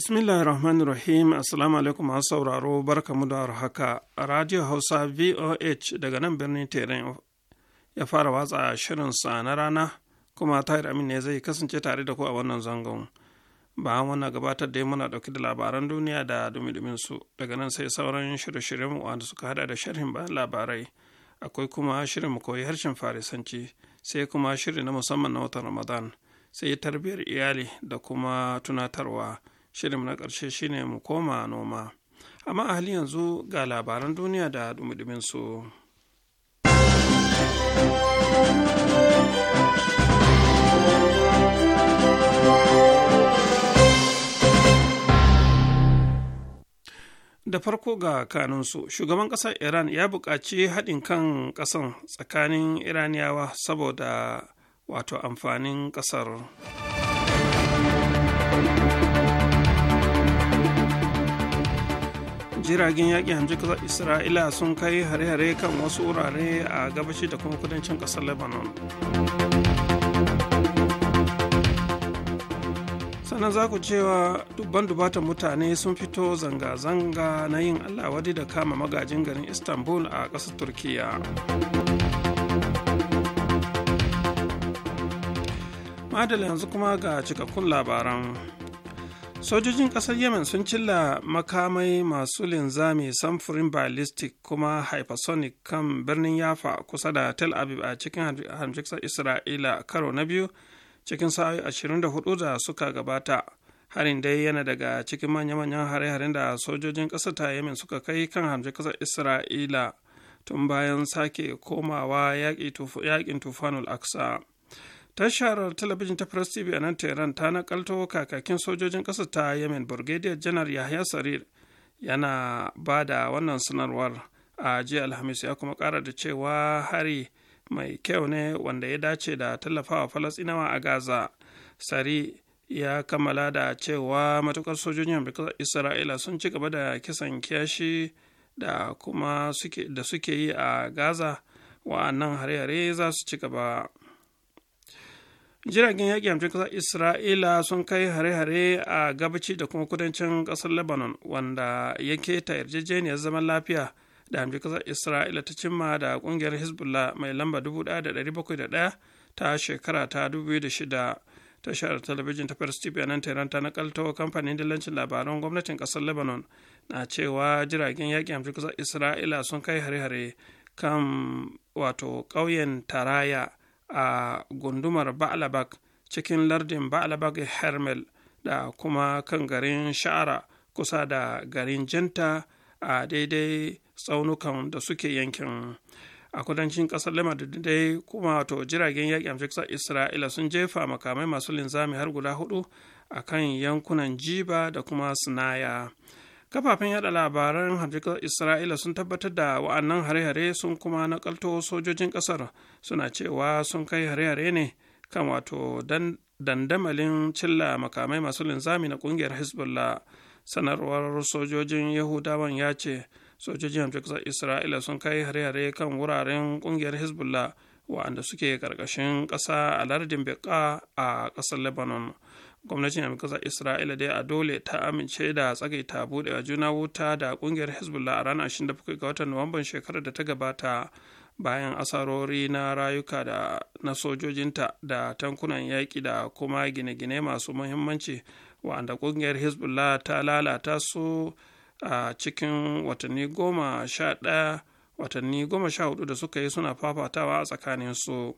Bismillahir Rahmanir Rahim, Assalamu alaikum masu sauraro, barkamu da haka. A Radio Hausa VOH daga nan birnin Teran ya fara watsa shirinsa na rana, kuma Tahir Amin ne zai kasance tare da ku a wannan zangon. Bayan wannan gabatar da muna dauki da labaran duniya da dumi su daga nan sai sauran shirye-shiryen wanda suka hada da sharhin bayan labarai. Akwai kuma shirin koyi harshen Farisanci, sai kuma shirin na musamman na watan Ramadan, sai tarbiyyar iyali da kuma tunatarwa. shirin na ƙarshe shine mu koma noma amma a halin yanzu ga labaran duniya da dumudumin su da farko ga kanunsu shugaban ƙasar iran ya buƙaci haɗin kan ƙasan tsakanin iraniyawa saboda wato amfanin ƙasar jiragen yaƙi hamjin kasar isra'ila sun kai hare-hare kan wasu wurare a gabashi da kuma kudancin ƙasar lebanon sannan za ku cewa dubban dubatan mutane sun fito zanga-zanga na yin allah wadi da kama magajin garin istanbul a ƙasar turkiya madala yanzu kuma ga cikakkun labaran sojojin kasar yemen sun cilla makamai masu linzami samfurin ballistic kuma hypersonic kan birnin yafa kusa da tel aviv a cikin hamjiksar isra'ila karo na biyu cikin sa'o'i 24 da suka gabata harin dai yana daga cikin manya-manyan hare-haren da sojojin kasar ta yemen suka kai kan hamjiksar isra'ila tun bayan sake komawa yakin tufanul aksa tashar talabijin ta press tv a nan tehran ta nakalto kakakin sojojin ƙasa ta yemen brigadier janar yahya sarir yana ba da wannan sanarwar a jiya alhamis ya kuma ƙara da cewa hari mai kyau ne wanda ya dace da tallafawa falasinawa a gaza sari ya kammala da cewa matukar sojojin amurka isra'ila sun ci gaba da kisan kiyashi da kuma da suke yi a gaza wa'annan hare-hare za su ci gaba jiragen yaƙi amshin ƙasar isra'ila sun kai hare-hare a gabaci da kuma kudancin ƙasar lebanon wanda ya ta yarjejeniyar zaman lafiya da amshin ƙasar isra'ila ta cimma da ƙungiyar hezbollah mai lamba 1701 ta shekara ta 2006 da talabijin ta first tv nan tehran ta nakalto kamfanin dillancin labaran gwamnatin ƙasar lebanon na cewa jiragen yaƙi amshin ƙasar isra'ila sun kai hare-hare kan wato ƙauyen taraya a gundumar ba'alabak cikin lardin ba'alabak hermel da kuma kan garin sha'ara kusa da garin janta a daidai tsaunukan da suke yankin a kudancin kasar da dai kuma wato jiragen yaƙi amsar isra'ila sun jefa makamai masu linzami har guda hudu a kan yankunan jiba da kuma sinaya kafafen yada labaran harjikar isra'ila sun tabbatar da wa'annan hare-hare sun kuma nakalto sojojin kasar suna cewa sun kai hare-hare ne kan wato dandamalin cilla makamai masu linzami na kungiyar hezbollah sanarwar sojojin yahudawan ya ce sojojin hamjikar isra'ila sun kai hare-hare kan wuraren kungiyar hezbollah wa'anda suke karkashin ƙasa a lardin beka a ƙasar lebanon gwamnatin amurka isra'ila dai a dole ta amince da tsagaita a juna wuta da ƙungiyar hezbollah a ranar 27 ga watan nuwamban shekarar da ta gabata bayan asarori na rayuka da na sojojinta da tankunan yaƙi da kuma gine-gine masu muhimmanci wanda ƙungiyar hezbollah ta lalata su a cikin watanni goma sha watanni goma sha hudu da suka yi suna fafatawa a tsakaninsu. su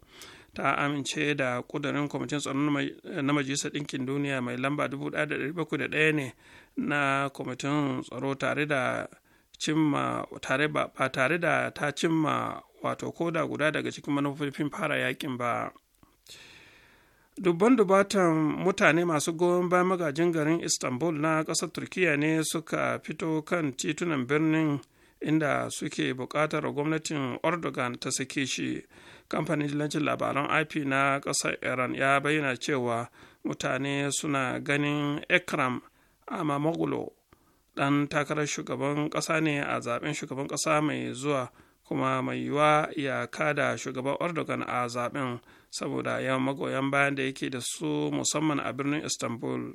ta amince da kudurin kwamitin tsaron eh, na majalisar ɗinkin duniya mai lamba 1701 ne na kwamitin tsaro tare da cimma tare ba tare da ta cimma wato koda guda daga cikin manufofin fara yakin ba dubban dubatan mutane masu goyon bayan magajin garin istanbul na ƙasar turkiya ne suka fito kan titunan birnin inda suke buƙatar gwamnatin erdogan ta sake shi kamfanin jilancin labaran ip na ƙasar iran ya bayyana cewa mutane suna ganin ekram amamoglu ɗan takarar shugaban ƙasa ne a zaben shugaban ƙasa mai zuwa kuma mai yiwuwa ya kada shugaban erdogan a zaben saboda yawan magoyan bayan da yake da su musamman a birnin istanbul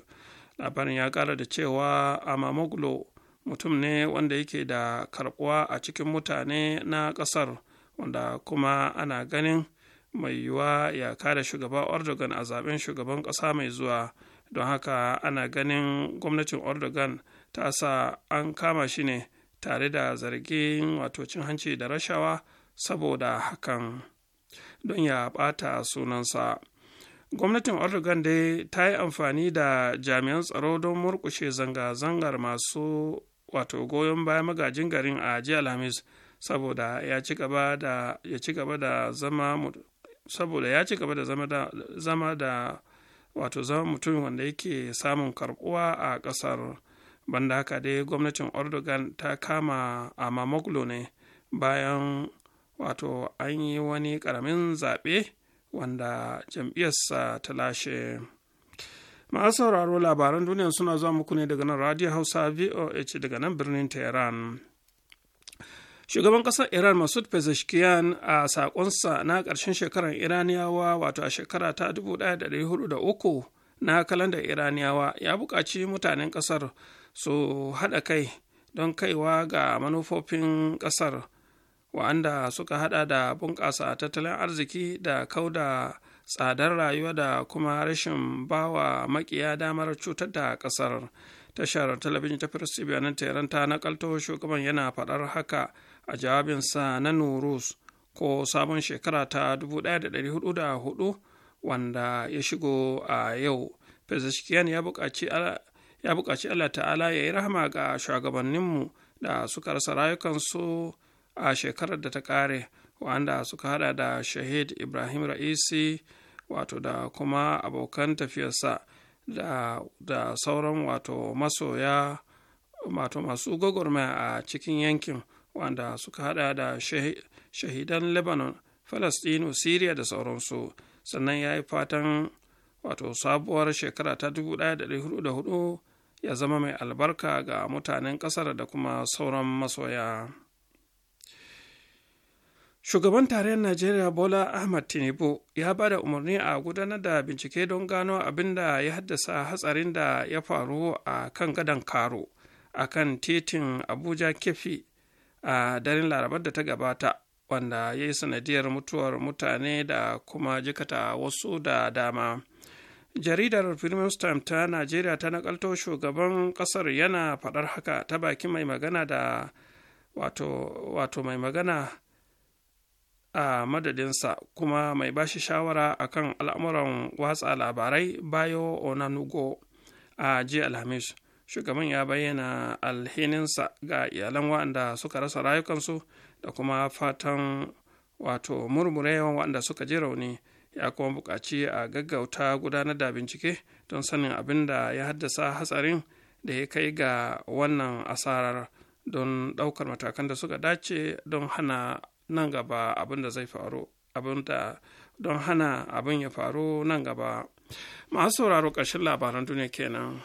labarin ya ƙara da cewa amamoglu mutum ne wanda yake da karbuwa a cikin mutane na ƙasar. wanda kuma ana ganin mai yiwuwa ya kada shugaba Erdogan a zaben shugaban ƙasa mai zuwa don haka ana ganin gwamnatin Erdogan ta sa an kama shi ne tare da zargin wato cin hanci da rashawa saboda hakan don ya ɓata sunansa. gwamnatin Erdogan dai ta yi amfani da jami'an tsaro don murkushe zanga-zangar masu wato goyon bayan magajin garin a jiya alhamis saboda ya ci gaba da ya ci gaba da zama saboda ya ci gaba da zama da zama da wato zama mutum wanda yake samun karbuwa a kasar banda haka dai gwamnatin Erdogan ta kama a Mamoglu ne bayan wato an yi wani karamin zaɓe wanda jam'iyyarsa ta lashe masu sauraro labaran duniya suna zuwa muku ne daga nan radio hausa voh daga nan birnin tehran shugaban kasar iran masud pezeshkian a saƙonsa na karshen shekarar iraniyawa wato a shekara ta 1403 na kalandar iraniyawa ya bukaci mutanen kasar su haɗa kai don kaiwa ga manufofin kasar wa'anda suka haɗa da bunƙasa tattalin arziki da kauda tsadar rayuwa da kuma rashin bawa makiya damar cutar da kasar tashar talabijin ta firis bayanan teran ta nakalto shugaban yana faɗar haka a jawabinsa na Nuruz ko sabon shekara ta 1404 wanda ya shigo a yau Pezeshkian ya buƙaci Allah ta'ala ya yi rahama ga shugabanninmu da suka rasa rayukansu a shekarar da ta ƙare wanda suka hada da shahid Ibrahim Ra'isi wato da kuma abokan tafiyarsa da, sauran wato masoya wato masu gwagwarmaya a cikin yankin wanda suka hada da shahidan lebanon falastinu syria da sauransu sannan ya yi fatan wato sabuwar shekara ta 1404 ya zama mai albarka ga mutanen kasar da kuma sauran masoya shugaban tarayyar najeriya bola ahmad tinubu ya ba da umarni a gudanar da bincike don gano abin da ya haddasa hatsarin da ya faru a kan gadon karo a kan titin abuja kefi a daren larabar da ta gabata wanda ya yi sanadiyar mutuwar mutane da kuma jikata wasu da dama jaridar premium time ta najeriya ta nakalto shugaban kasar yana fadar haka ta baki mai magana da wato, wato mai magana a madadinsa kuma mai bashi shawara akan al'amuran watsa labarai bayo onanugo a jiya alhamis shugaban ya bayyana alhininsa ga iyalan waɗanda suka rasa rayukansu da kuma fatan wato murmurewan waɗanda suka ji rauni ya kuma buƙaci a gaggauta gudanar da bincike don sanin abin da ya haddasa hatsarin da ya kai ga wannan asarar don ɗaukar matakan da suka dace don hana nan gaba abin da zai faru abin da don hana abin ya faru nan gaba masu sauraro ƙarshen labaran duniya kenan.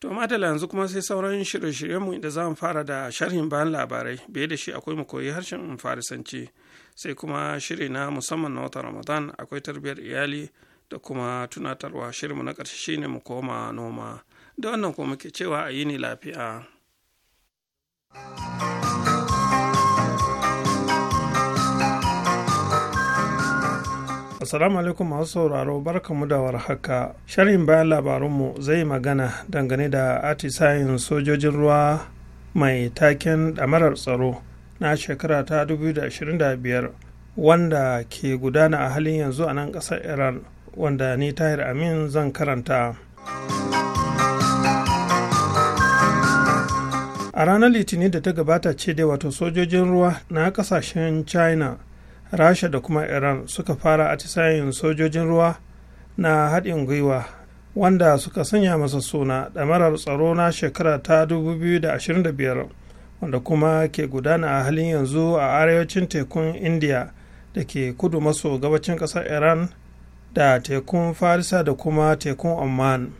To adala yanzu kuma sai sauran shirye-shiryenmu inda za mu fara da sharhin bayan labarai biye da shi akwai mu koyi harshen farisanci sai kuma shiri na musamman na watan ramadan akwai tarbiyyar iyali da kuma tunatarwa shirinmu na ƙarshe shine mu koma noma da wannan kuma muke cewa a yi ne lafiya. Assalamu alaikum masu sauraro barkamu da warhaka. Sharhin bayan labarunmu zai magana dangane da atisayin sojojin ruwa mai taken damarar tsaro na shekara ta 2025 wanda ke gudana a halin yanzu a nan ƙasar Iran wanda ni Tahir Amin zan karanta. A ranar Litinin da ta gabata ce dai wato sojojin ruwa na kasashen China rasha da kuma iran suka fara atisayin sojojin ruwa na haɗin gwiwa wanda suka sanya masa suna ɗamarar tsaro na shekara ta 2025 wanda kuma ke gudana a halin yanzu a arewacin tekun india da ke kudu maso gabacin ƙasar iran da tekun farisa da kuma tekun oman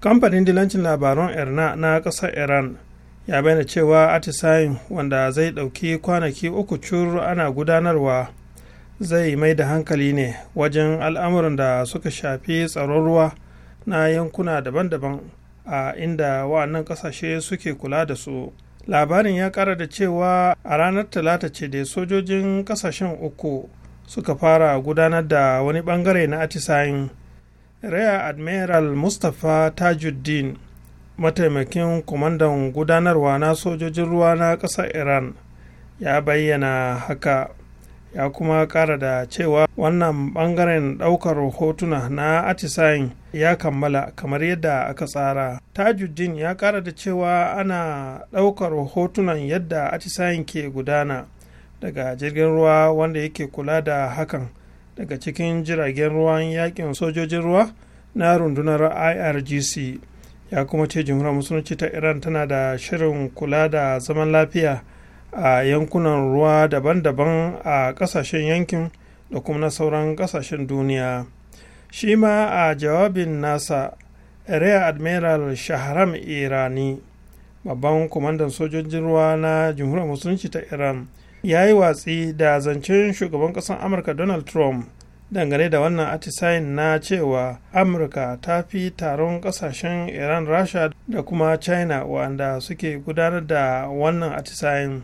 kamfanin dilancin labaran irna na ƙasar iran ya bayyana cewa atisayin wanda zai ɗauki kwanaki uku cur ana gudanarwa zai mai da hankali ne wajen al'amuran da suka shafi tsaron ruwa na yankuna daban-daban a inda wa'annan kasashe suke kula da su labarin ya kara da cewa a ranar talata ce da sojojin kasashen uku suka fara gudanar da wani bangare na atisayin rear admiral mustapha tajuddin mataimakin kwamandan gudanarwa na sojojin ruwa na ƙasar iran ya bayyana haka ya kuma kara da cewa wannan bangaren daukar hotuna na atisayin ya kammala kamar yadda aka tsara tajuddin ya kara da cewa ana daukar hotunan yadda atisayin ke gudana daga jirgin ruwa wanda yake kula da hakan daga cikin jiragen ruwan yakin sojojin ruwa na rundunar irgc ya kuma ce jamhuriyar musulunci ta iran tana da shirin kula da zaman lafiya a yankunan ruwa daban-daban a ƙasashen yankin da kuma na sauran ƙasashen duniya shi ma a jawabin nasa rear admiral shahram irani babban kwamandan sojojin ruwa na jamhuriyar musulunci ta iran ya yi watsi da zancen shugaban ƙasar amurka donald trump dangane da wannan atisayin na cewa amurka ta fi taron kasashen iran rasha da kuma china wanda suke gudanar da wannan atisayin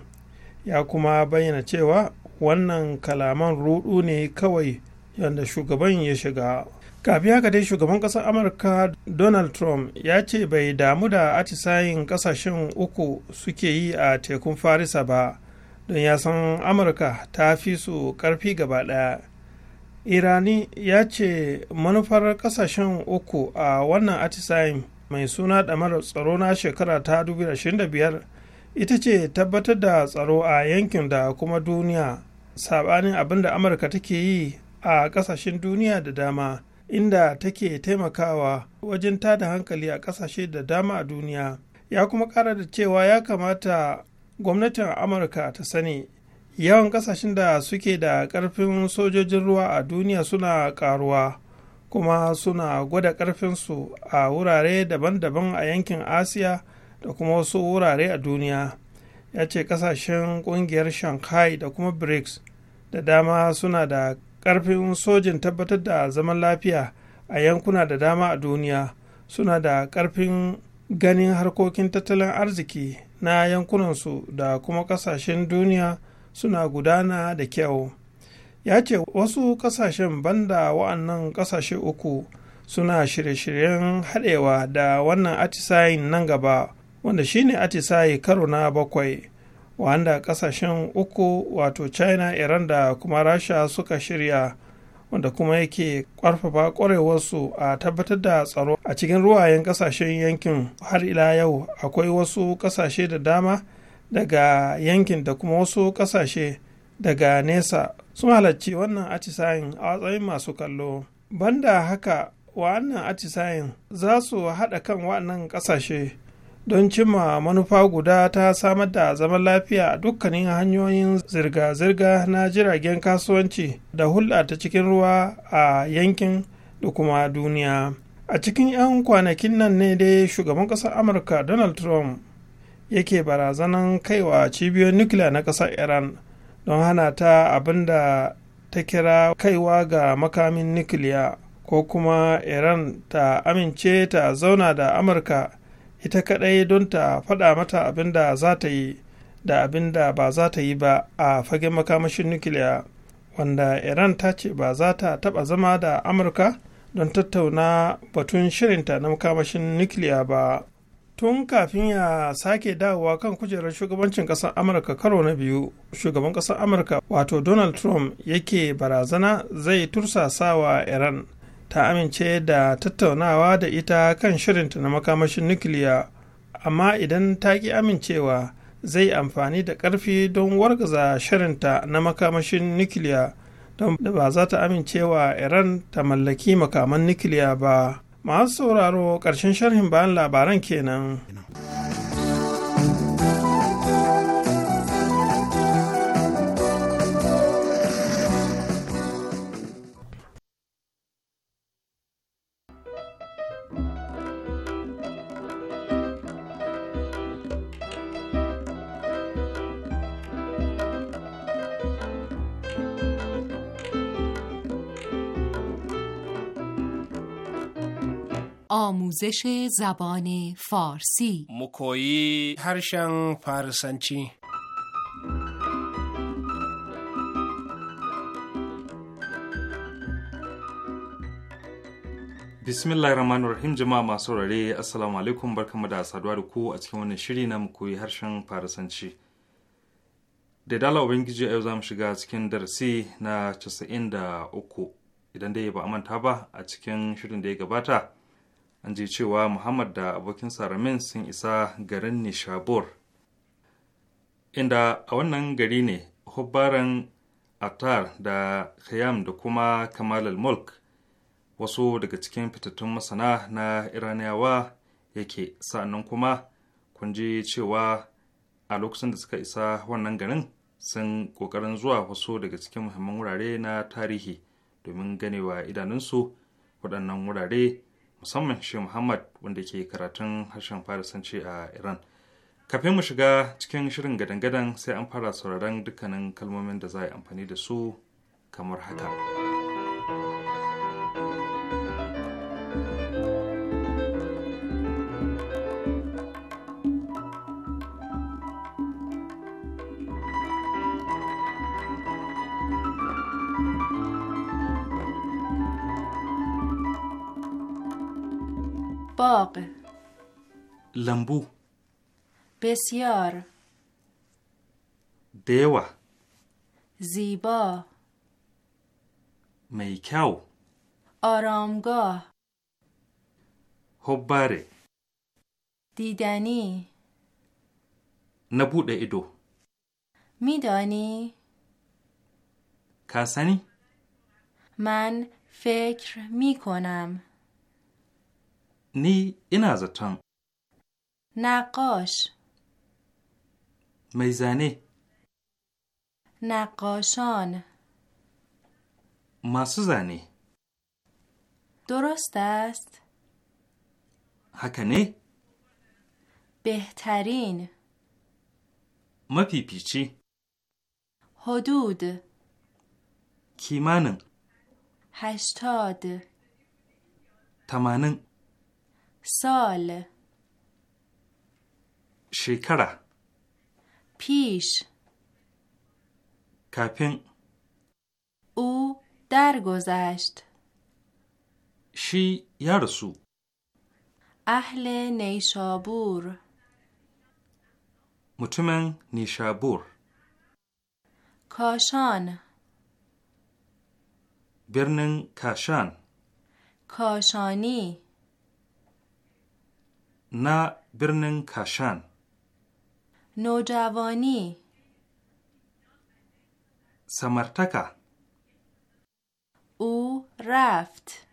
ya kuma bayyana cewa wannan kalaman rudu ne kawai yadda shugaban ya shiga kafin haka dai shugaban ƙasar amurka donald trump ya ce bai damu da atisayin ƙasashen uku suke yi a tekun farisa ba don ya san amurka ta fi su ƙarfi gaba ɗaya irani ya ce manufar ƙasashen uku a wannan atisayin mai suna damar tsaro na shekara ta 2025 ita ce tabbatar da tsaro a yankin da kuma duniya saɓanin abin da amurka take yi a ƙasashen duniya da dama inda take taimakawa wajen tada hankali a ƙasashe da dama a duniya ya kuma ƙara da cewa ya kamata gwamnatin amurka ta sani yawan ƙasashen da suke da ƙarfin sojojin ruwa a duniya suna ƙaruwa kuma suna gwada ƙarfinsu a wurare daban-daban a yankin asiya da kuma wasu wurare a duniya ya ce kasashen kungiyar shanghai da kuma brics da dama suna da karfin sojin tabbatar da zaman lafiya a yankuna da dama a duniya suna da karfin ganin harkokin tattalin arziki na yankunansu da kuma kasashen duniya suna gudana da kyau ya ce wasu kasashen banda wa'annan kasashe uku suna shirye-shiryen haɗewa da wannan atisayin nan gaba wanda shine atisaye karo na bakwai wanda kasashen uku wato china iran da kuma rasha suka shirya wanda kuma yake ƙarfafa ƙwarewarsu a tabbatar da tsaro a cikin ruwayen kasashen yankin har ila yau akwai wasu kasashe da dama daga yankin da kuma wasu kasashe daga nesa sun halarci wannan atisayin a matsayin masu kallo banda haka wa'annan atisayin za su haɗa kan wannan ƙasashe don cimma manufa guda ta samar da zaman lafiya dukkanin hanyoyin zirga-zirga na jiragen kasuwanci da hulɗa ta cikin ruwa a yankin da kuma duniya a cikin 'yan kwanakin nan ne dai shugaban ƙasar amurka donald trump yake barazanan kaiwa cibiyoyin nukiliya na ƙasar iran don hana ta abin da ta kira kaiwa ga makamin nukiliya ko kuma iran ta amince ta zauna da amurka ita kaɗai don ta faɗa mata abin da za ta yi da abin da ba za ta yi ba a fagen makamashin nukiliya wanda iran ta ce ba za ta taɓa zama da amurka don tattauna batun shirinta na makamashin nukiliya ba tun kafin ya sake dawowa kan kujerar shugabancin ƙasar amurka karo na biyu shugaban ƙasar amurka wato donald trump yake barazana zai tursasa wa iran ta amince da tattaunawa da ita kan shirinta na makamashin nukiliya amma idan ta ki amincewa zai amfani da ƙarfi don wargaza shirinta na makamashin nukiliya don da ba za ta amincewa iran ta mallaki makaman nukiliya ba masu sauraro ƙarshen sharhin bayan labaran kenan. آموزش زبان فارسی مکویی هرشن فارسنچی bismillah rahman rahim jama'a masu rare assalamu alaikum barkamu da saduwa da ku a cikin wannan shiri na mu koyi harshen farisanci da dala ubangiji a yau za mu shiga cikin darasi na 93 idan dai ba a manta ba a cikin shirin da ya gabata an ji cewa muhammad da abokin saramin sun isa garin nishabur inda a wannan gari ne hubbaran atar da khayyam da kuma kamal mulk wasu daga cikin fitattun masana na iraniyawa yake sa'annan kuma kun ji cewa a lokacin da suka isa wannan garin sun ƙoƙarin zuwa wasu daga cikin muhimman wurare na tarihi domin ganewa idanunsu waɗannan wurare musamman shi muhammad wanda ke karatun harshen farisanci a iran kafin mu shiga cikin shirin gadan-gadan sai an fara sauraron dukkanin kalmomin da za a yi amfani da su kamar haka. لمبو بسیار دیو، زیبا میکاو آرامگاه هباره دیدنی نبود ایدو میدانی کسانی من فکر می کنم نی اینا زتن نقاش میزنی نقاشان ماسو درست است هکنه بهترین ما حدود کیمانن هشتاد تمانن سال شکره پیش کپین او درگذشت شی یارسو اهل نیشابور متمن نیشابور کاشان برنن کاشان کاشانی na birnin Kashan. Nojavani. Samartaka. U raft.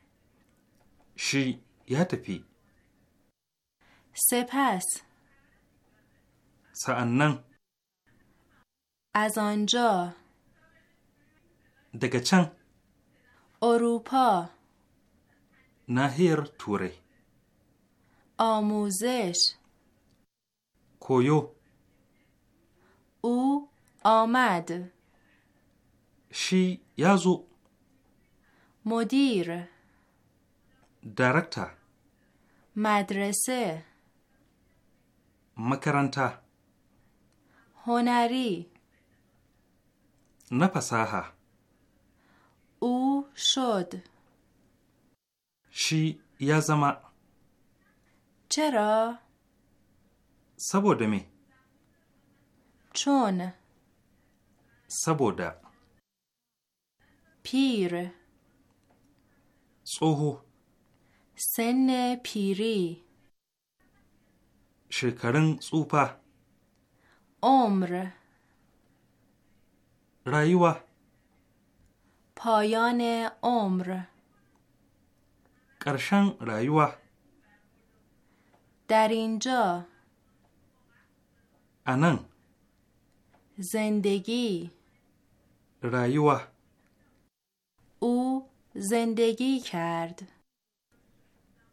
Shi ya tafi. Sepas. Sa'annan. Azanjo. Daga can. Orupa. nahiyar Turai. آموزش کویو او آمد شی یازو مدیر دارکتر مدرسه مکرانتا هنری نپساها او شد شی یازما چرا؟ سبوده می چون سبوده پیر صوهو سن پیری شکرن صوپه عمر رایوه پایان عمر ƙarshen rayuwa در اینجا انن زندگی رایوه او زندگی کرد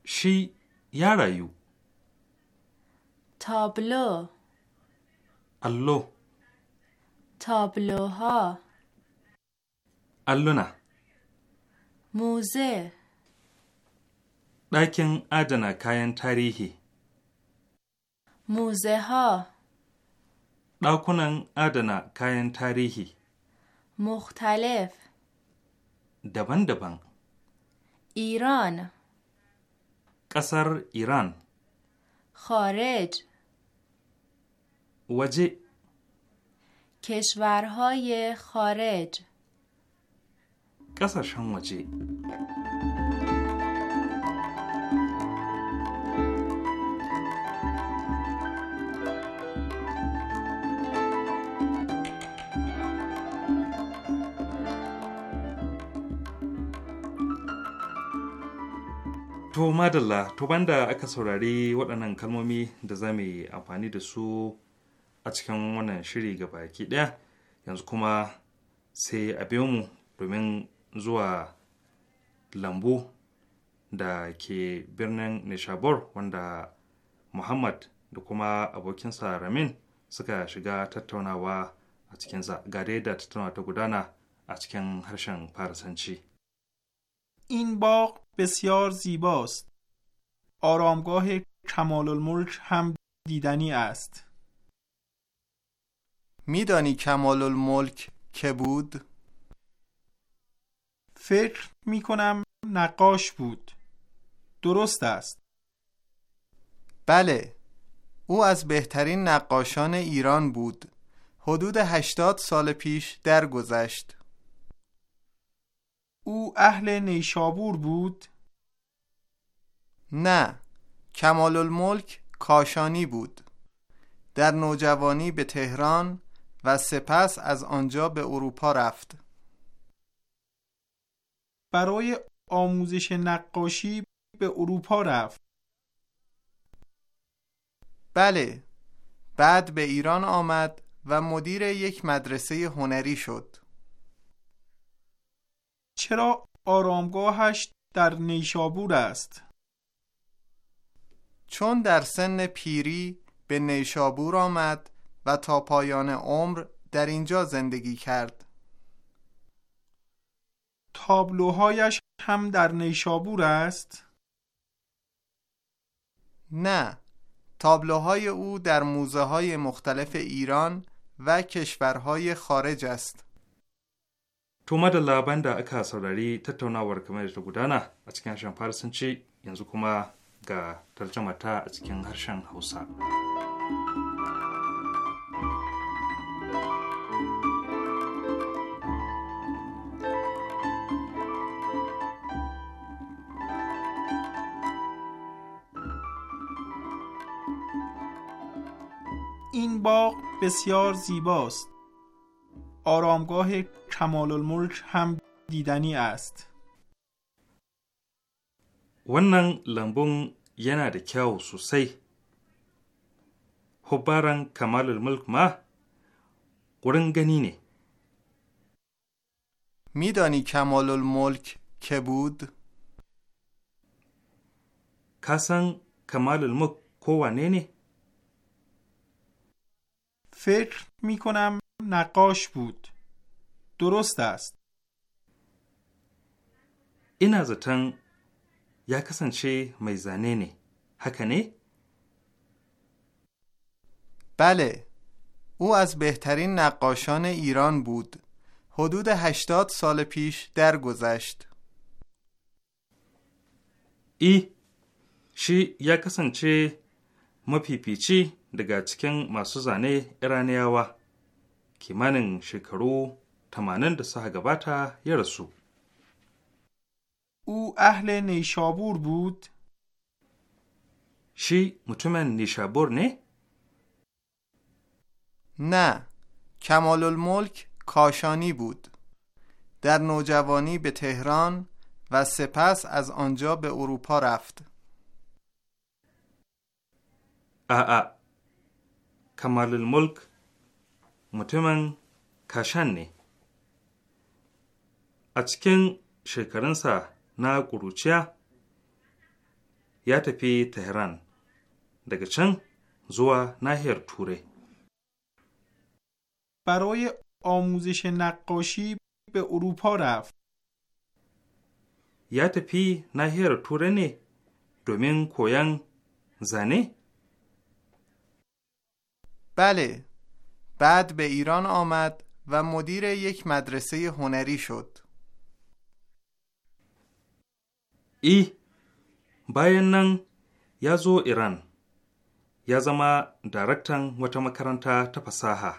شی یا رایو تابلو اللو تابلوها اللونا موزه ɗakin adana kayan tarihi موزه ها داکنن ادنا کاین تاریخی مختلف دبن دبن ایران قصر ایران خارج وجه کشورهای خارج قصر شان وجه To madalla, to banda aka saurari waɗannan kalmomi da za mu yi amfani da su a cikin wannan shiri ga baki ɗaya yanzu kuma sai a biyo mu domin zuwa lambu da ke birnin Nishabor wanda Muhammad da kuma abokinsa Ramin suka shiga tattaunawa a cikinsa gare da tattaunawa ta gudana a cikin harshen Farisanci. این باغ بسیار زیباست. آرامگاه کمال الملک هم دیدنی است. میدانی کمال الملک که بود؟ فکر می کنم نقاش بود. درست است. بله. او از بهترین نقاشان ایران بود. حدود هشتاد سال پیش درگذشت. او اهل نیشابور بود؟ نه کمال الملک کاشانی بود در نوجوانی به تهران و سپس از آنجا به اروپا رفت برای آموزش نقاشی به اروپا رفت بله بعد به ایران آمد و مدیر یک مدرسه هنری شد چرا آرامگاهش در نیشابور است؟ چون در سن پیری به نیشابور آمد و تا پایان عمر در اینجا زندگی کرد. تابلوهایش هم در نیشابور است؟ نه، تابلوهای او در موزه های مختلف ایران و کشورهای خارج است. To madalla banda aka saurari tattaunawar kamar da ta gudana a cikin harshen Farisanci yanzu kuma ga tarjama ta a cikin harshen Hausa. این باغ بسیار زیباست. آرامگاه کمال الملک هم دیدنی است. wannan lambun yana da kyau sosai Hubaran kamalul mulk ma wurin gani ne midani kamalul mulk ke bud ka san kamalul mulk kowane ne fikr mikunam نقاش بود. درست است. این از تن یا کسان چه بله. او از بهترین نقاشان ایران بود. حدود هشتاد سال پیش درگذشت. ای شی یا کسان مپیپیچی مپی دگا چکن kimanin shekaru 80 da suka gabata ya او اهل نیشابور بود؟ شی مطمئن نیشابور نه؟ نه کمال الملک کاشانی بود در نوجوانی به تهران و سپس از آنجا به اروپا رفت آ کمال الملک mutumin kashan ne a cikin shekarunsa na ƙuruciya ya tafi tehran daga can zuwa nahiyar turai برای آموزش نقاشی به اروپا رفت. یا تپی نهر تورنه دومین کویان زنه؟ بله بعد به ایران آمد و مدیر یک مدرسه هنری شد. ای باینن یازو ایران یازما دارکتن و تمکرانتا تپساها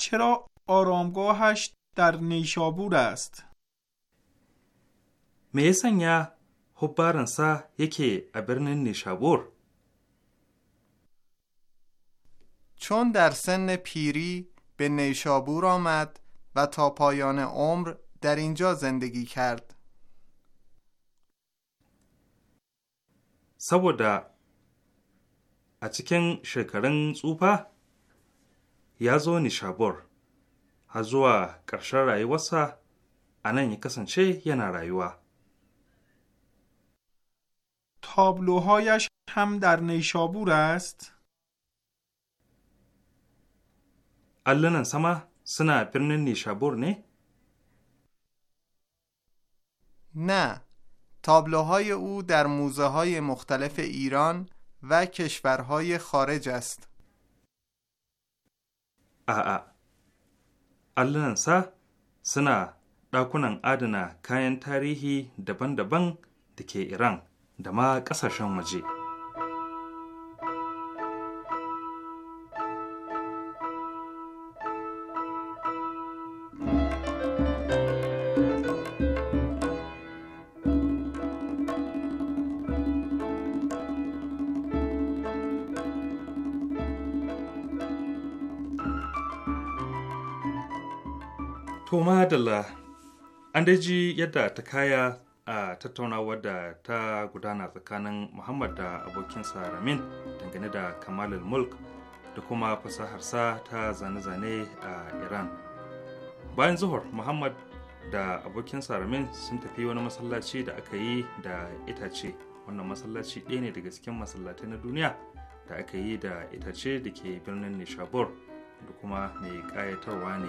چرا آرامگاهش در نیشابور است؟ میسن یا حبارنسا یکی ابرن نیشابور؟ چون در سن پیری به نیشابور آمد و تا پایان عمر در اینجا زندگی کرد saboda a cikin shekarun tsufa ya zo nishabur har zuwa ƙarshen rayuwarsa a nan ya kasance yana rayuwa. تابلوهایش هم dar نیشابور است؟ اللنن سما سنا بیرن نیشابور نی نه تابلوهای او در موزههای مختلف ایران و کشورهای خارج است ا اللنن سا سنا داکون آدنا کای تاریحی دبا دبا د ایران دما کساش وجه madalla an dai yadda ta kaya a tattaunawa da ta gudana tsakanin muhammad da abokinsa ramin dangane da kamalul mulk da kuma sa ta zane-zane a iran bayan zuhur muhammad da abokinsa ramin sun tafi wani masallaci da aka yi da itace wannan masallaci ɗaya ne daga cikin masallatai na duniya da aka yi da itace da ke birnin nishabur da kuma mai ƙayatarwa ne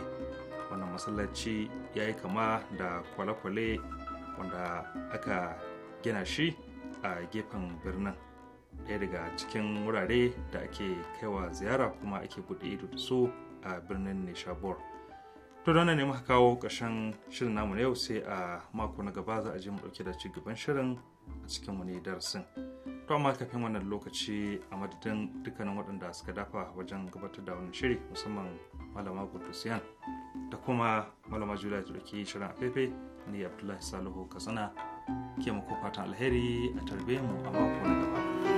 wannan masallaci ya yi kama da kwale-kwale wanda aka gina shi a gefen birnin ɗaya daga cikin wurare da ake kaiwa ziyara kuma ake buɗe ido da su a birnin nishabor to da ne muka kawo ƙarshen shirin namu na yau sai a mako na gaba za a je mu ɗauke da ci gaban shirin a cikin wani darasin to amma kafin wannan lokaci a madadin dukkanin waɗanda suka dafa wajen gabatar da wani shiri musamman malama kudusiyan kuma malama julia da ke shirin afefe ni abdullahi salihu katsina ke muku fatan alheri a tarbe mu a mako na gaba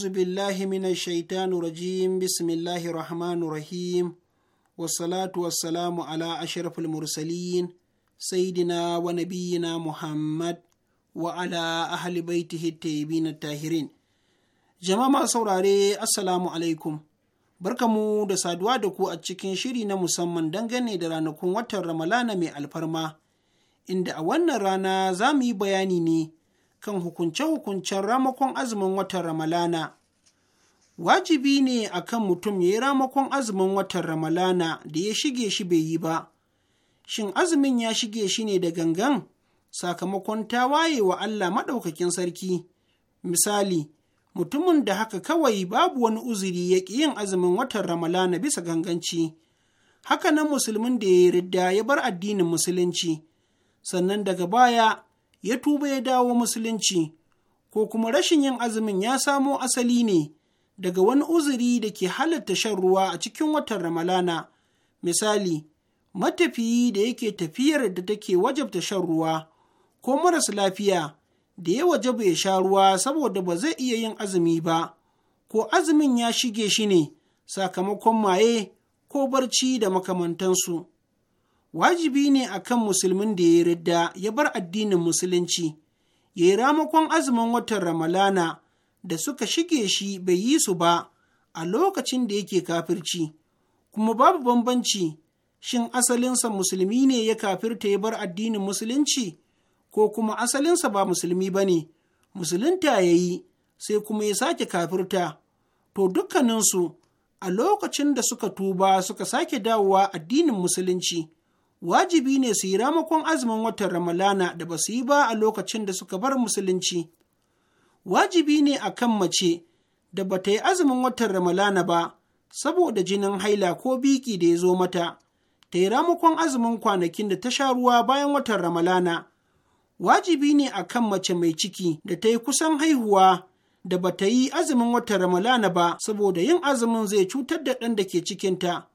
a'uzu billahi minash shaitani rajim bismillahir rahmanir rahim wassalatu wassalamu ala ashrafil mursalin sayyidina wa nabiyyina muhammad wa ala ahli baitihi tayyibin tahirin jama'a masu saurare assalamu alaikum barkamu da saduwa da ku a cikin shiri na musamman dangane da ranakun watan ramalana mai alfarma inda a wannan rana za mu yi bayani ne kan hukunce-hukuncen ramakon azumin watan Ramalana. Wajibi ne a kan mutum ya yi ramakon azumin watan Ramalana da ya shige shi bai yi ba, shin azumin ya shige shi ne da gangan sakamakon waye wa Allah maɗaukakin sarki. Misali, mutumin da haka kawai babu wani uzuri ya ƙi yin azumin watan Ramalana bisa ganganci. Haka nan musulmin da ya yi ridda ya bar addinin musulunci, sannan daga baya ya tuba ya dawo musulunci ko kuma rashin yin azumin ya samo asali ne daga wani uzuri da ke halatta shan ruwa a cikin watan ramalana misali matafiyi da yake tafiyar da take wajabta shan ruwa ko maras lafiya da ya wajaba ya sha ruwa saboda ba zai iya yin azumi ba ko azumin ya shige shi ne sakamakon maye ko barci da makamantansu wajibi ne a kan musulmin da ya yarda ya bar addinin musulunci, ya yi ramakon azumin watan Ramalana da suka shige shi bai yi su ba a lokacin da yake kafirci, kuma babu bambanci shin asalinsa musulmi ne ya kafirta ya bar addinin musulunci, ko kuma asalinsa ba musulmi ba ne, musulunta ya yi sai kuma ya sake kafirta, to dukkaninsu a lokacin da suka tuba suka sake dawowa addinin musulunci. wajibi ne su yi ramakon azumin watan Ramalana da ba su yi ba a lokacin da suka bar musulunci. Wajibi ne a kan mace da ba ta yi azumin watan Ramalana ba, saboda jinin haila ko biki da ya zo mata, ta yi ramakon azumin kwanakin da ta sha ruwa bayan watan Ramalana. Wajibi ne a kan mace mai ciki da ta yi kusan haihuwa da ba ta yi azumin watan Ramalana ba, saboda yin azumin zai cutar da ɗan da ke cikinta.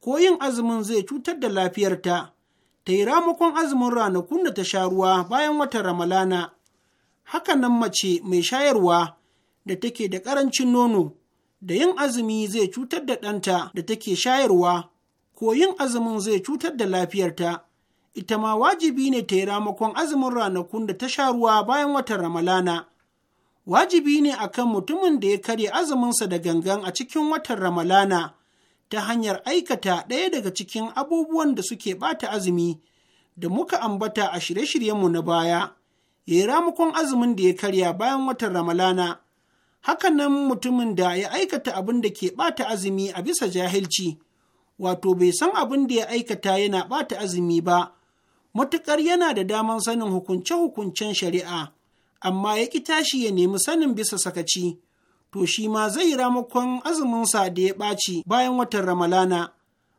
ko yin azumin zai cutar da lafiyarta, ta yi ramakon azumin ranakun da ta sha ruwa bayan watan Ramalana. Haka nan mace mai shayarwa da take da ƙarancin nono, da yin azumi zai cutar da ɗanta da take shayarwa, ko yin azumin zai cutar da lafiyarta. Ita ma wajibi ne ta yi ramakon azumin ranakun da ta sha ruwa bayan watan Ramalana. Wajibi ne akan mutumin da ya karya azuminsa da gangan a cikin watan Ramalana. ta hanyar aikata ɗaya daga cikin abubuwan da suke ɓata azumi da muka ambata a shirye-shiryenmu na baya, ya yi ramukon azumin da ya karya bayan watan Ramalana, hakanan mutumin da ya aikata abin da ke ɓata azumi a bisa jahilci, wato bai san abin da ya aikata yana ɓata azumi ba, matuƙar yana da daman sanin hukunce-hukuncen shari'a, amma ya ƙi tashi ya nemi sanin bisa sakaci. to shi ma zai yi ramakon azuminsa da ya ɓaci bayan watan Ramalana.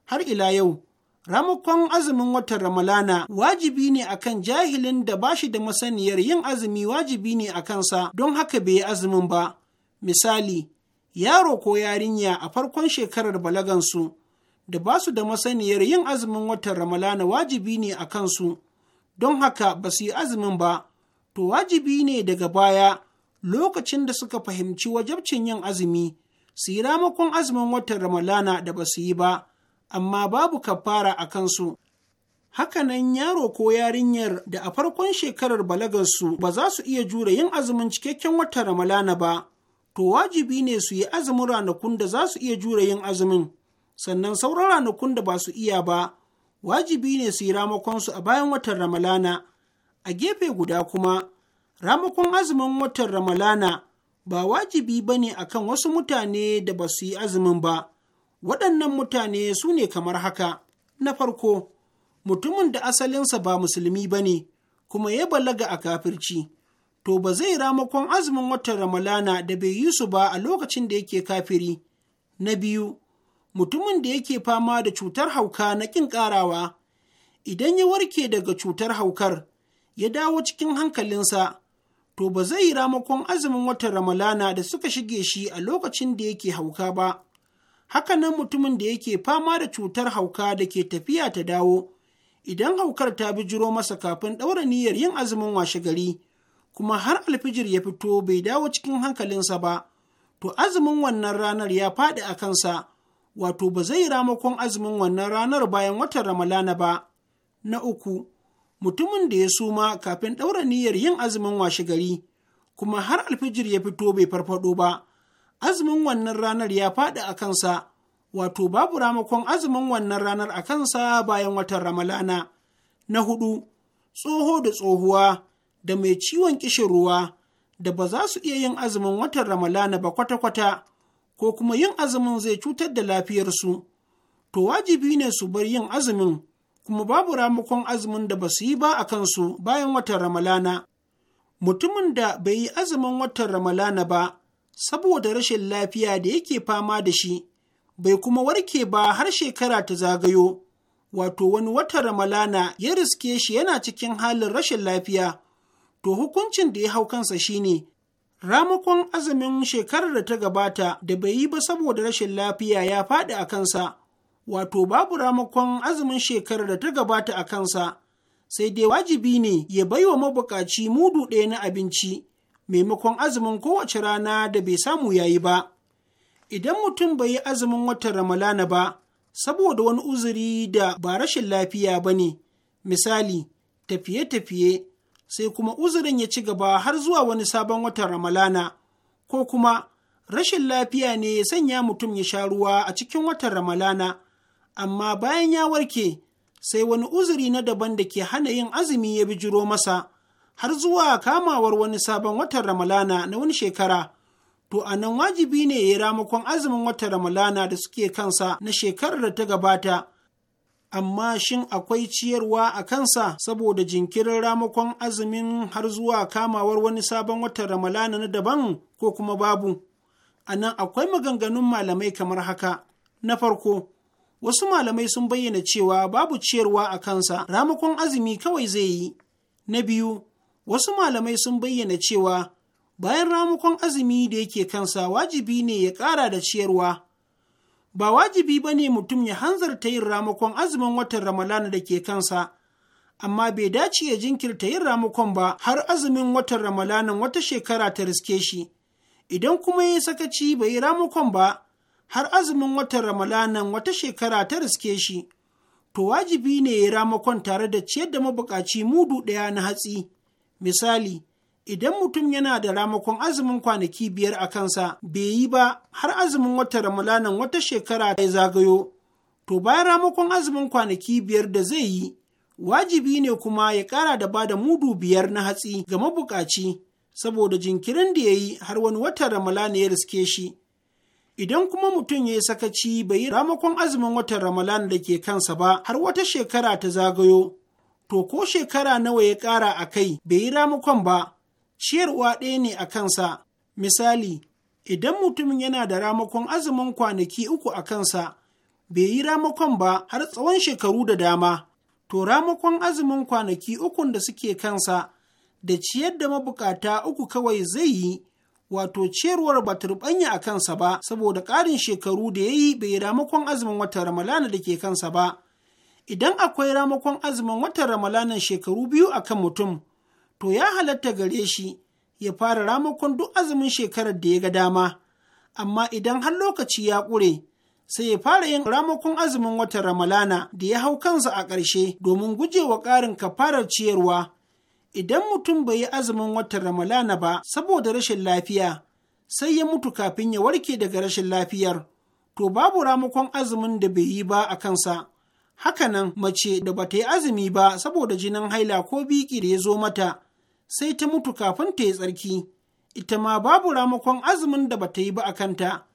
Har ila yau, ramakon azumin watan Ramalana wajibi ne akan jahilin da ba shi da masaniyar yin azumi wajibi ne a kansa don haka bai yi azumin ba. Misali, yaro ko yarinya a farkon shekarar balagansu da ba su da masaniyar yin azumin watan Ramalana wajibi ne a kansu, don haka ba su yi azumin ba, to wajibi ne daga baya. lokacin da suka fahimci wajabcin yin azumi su yi ramakon azumin watan ramalana da ba su yi ba amma babu kafara a kansu hakanan yaro ko yarinyar da a farkon shekarar balagarsu ba za su iya jure yin azumin cikakken watan ramalana ba to wajibi ne su yi azumin ranakun da za su iya jure yin azumin sannan sauran ranakun da ba su iya ba wajibi ne su yi ramakonsu a bayan watan ramalana a gefe guda kuma ramakon azumin watan ramalana ba wajibi ba ne a kan wasu mutane da ba su yi azumin ba waɗannan mutane su ne kamar haka na farko mutumin da asalinsa ba musulmi ba ne kuma ya balaga a kafirci to ba zai ramakon azumin watan ramalana da bai yi su ba a lokacin da yake kafiri na biyu mutumin da yake fama da cutar hauka na ƙin ƙarawa idan ya warke daga cutar haukar ya dawo cikin hankalinsa to ba zai yi ramakon azumin watan Ramalana da suka shige shi a lokacin da yake hauka ba. Hakanan mutumin da yake fama da cutar hauka da ke tafiya ta dawo, idan haukar ta bijiro masa kafin ɗaura niyyar yin azumin washe gari, kuma har alfijir ya fito bai dawo cikin hankalinsa ba, to azumin wannan ranar ya faɗi a kansa, wato ba zai ramakon azumin wannan ranar bayan watan Ramalana ba. Na uku, mutumin da ya suma kafin ɗaura niyyar yin azumin washe gari kuma har alfijir ya fito bai farfado ba azumin wannan ranar ya faɗi a kansa wato babu ramakon azumin wannan ranar a kansa bayan watan ramalana na hudu tsoho da tsohuwa da mai ciwon ƙishirwa da ba za su iya yin azumin watan ramalana ba kwata-kwata ko kuma yin azumin zai cutar da lafiyarsu to wajibi ne su bar yin azumin kuma babu ramakon azumin da ba su yi ba a kansu bayan watan Ramalana. Mutumin da bai yi azumin watan Ramalana ba, saboda rashin lafiya da yake fama da shi, bai kuma warke ba har shekara ta zagayo, wato wani watan Ramalana ya riske shi yana cikin halin rashin lafiya, to hukuncin da ya hau kansa shine ramakon azumin shekarar da ta gabata da bai yi ba saboda rashin lafiya ya faɗi a kansa. wato babu ramakon azumin shekarar da ta gabata a kansa, sai dai wajibi ne ya bai wa mabukaci mudu ɗaya na abinci, maimakon azumin kowace rana da bai samu ya yi ba. Idan mutum bai yi azumin watan Ramalana ba, saboda wani uzuri da ba rashin lafiya ba ne, misali, tafiye-tafiye, sai kuma uzurin ya ci gaba har zuwa wani sabon watan Ramalana, ko kuma rashin lafiya ne ya sanya mutum ya sha ruwa a cikin watan Ramalana. amma bayan ya warke sai wani uzuri na daban da ke hana yin azumi ya bijiro masa har zuwa kamawar wani sabon watan ramalana na wani shekara to a nan wajibi ne ya ramakon azumin watan ramalana da suke kansa na shekarar da ta gabata amma shin akwai ciyarwa a kansa saboda jinkirin ramakon azumin har zuwa kamawar wani sabon watan ramalana na daban ko kuma babu a nan akwai maganganun malamai kamar haka na farko wasu malamai sun bayyana cewa babu ciyarwa a kansa ramakon azumi kawai zai yi na biyu wasu malamai sun bayyana cewa bayan ramakon azumi da yake kansa wajibi ne ya ƙara da ciyarwa ba wajibi ba ne mutum ya hanzarta yin ramakon azumin watan ramalana da ke kansa amma bai dace ya jinkirta yin ramakon ba har azumin watan ramalanan wata shekara ta riske shi idan kuma ya sakaci bai yi ramakon ba har azumin watan ramalanan wata shekara ta riske shi to wajibi ne ya ramakon tare da ciyar da mabukaci mudu ɗaya na hatsi misali idan mutum yana da ramakon azumin kwanaki biyar a kansa bai yi ba har azumin watan ramalanan wata shekara ta zagayo to bayan ramakon azumin kwanaki biyar da zai yi wajibi ne kuma ya ƙara da ba da mudu biyar na hatsi ga mabukaci saboda jinkirin da ya yi har wani watan ramalana ya riske shi Idan kuma mutum ya yi sakaci bai yi ramakon azumin watan Ramadan da ke kansa ba har wata shekara ta zagayo, to ko shekara nawa ya ƙara a kai bai yi ramakon ba, ciyarwa ɗaya ne a kansa. Misali, idan mutumin yana da ramakon azumin kwanaki uku a kansa, bai yi ramakon ba har tsawon shekaru da dama, to ramakon azumin kwanaki ukun da suke kansa da ciyar da mabukata uku kawai zai yi wato ciyarwar ba ta rubanya a kansa ba saboda ƙarin shekaru da ya yi bai ramakon azumin watan ramalana da ke kansa ba idan akwai ramakon azumin watan ramalana shekaru biyu a kan mutum to ya halatta gare shi ya fara ramakon duk azumin shekarar da ya ga dama amma idan har lokaci ya ƙure sai ya fara yin ramakon azumin watan ramalana da ya hau kansa a ƙarshe domin gujewa ƙarin kafarar ciyarwa idan mutum bai yi azumin watan Ramalana ba saboda rashin lafiya, sai ya mutu kafin ya warke daga rashin lafiyar, to babu ramakon azumin da bai yi ba a kansa. Hakanan mace da bata yi azumi ba saboda jinin haila ko biki da ya zo mata, sai ta mutu kafin ta yi tsarki, ita ma babu ramakon azumin da bata yi ba a kanta.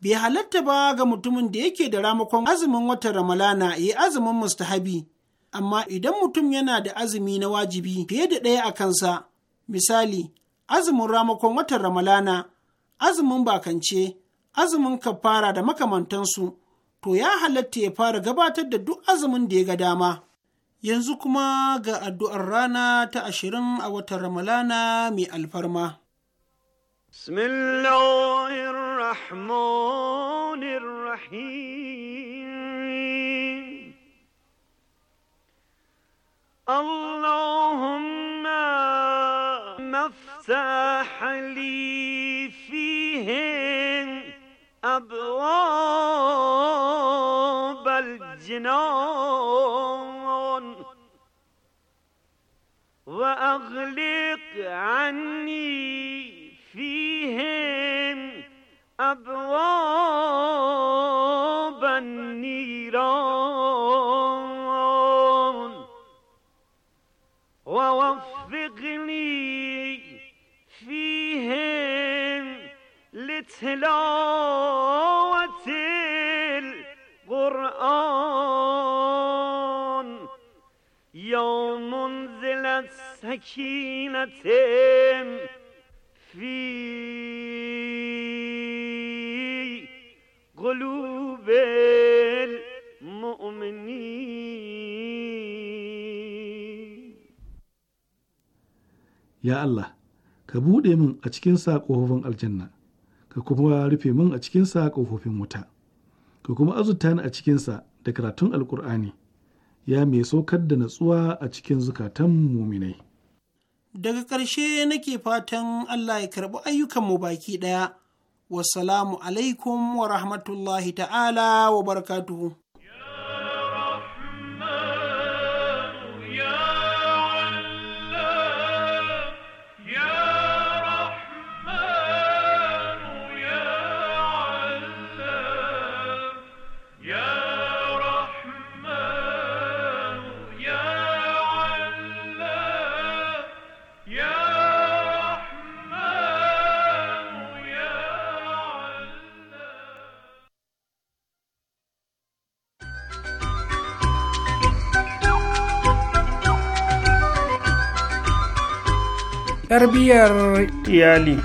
Bai halatta ba ga mutumin da yake da ramakon azumin watan Ramalana ya yi azumin mustahabi. amma idan mutum yana da azumi na wajibi fiye da ɗaya a kansa, misali, azumin ramakon watan Ramalana, azumin bakance, azumin kafara da makamantansu, to ya halatta ya fara gabatar da duk azumin da ya ga dama. Yanzu kuma ga addu'ar rana ta ashirin a watan Ramalana mai alfarma. Bismillahirrahmanirrahim. اللهم مفتاح لي فيهن أبواب الجنان وأغلق عني فيهن أبواب تلاوة القرآن يا منزل السكينة في قلوب المؤمنين يا الله ka buɗe min a cikin saƙofin aljanna ka kuma rufe min a cikinsa ƙofofin wuta ka kuma azurta ni a cikinsa da karatun alkur'ani ya mai saukar da natsuwa a cikin zukatan muminai daga ƙarshe nake fatan allah ya karɓi ayyukan mu baki ɗaya wasalamu alaikum wa rahmatullahi ta'ala wa barakatuhu tarbiyyar iyali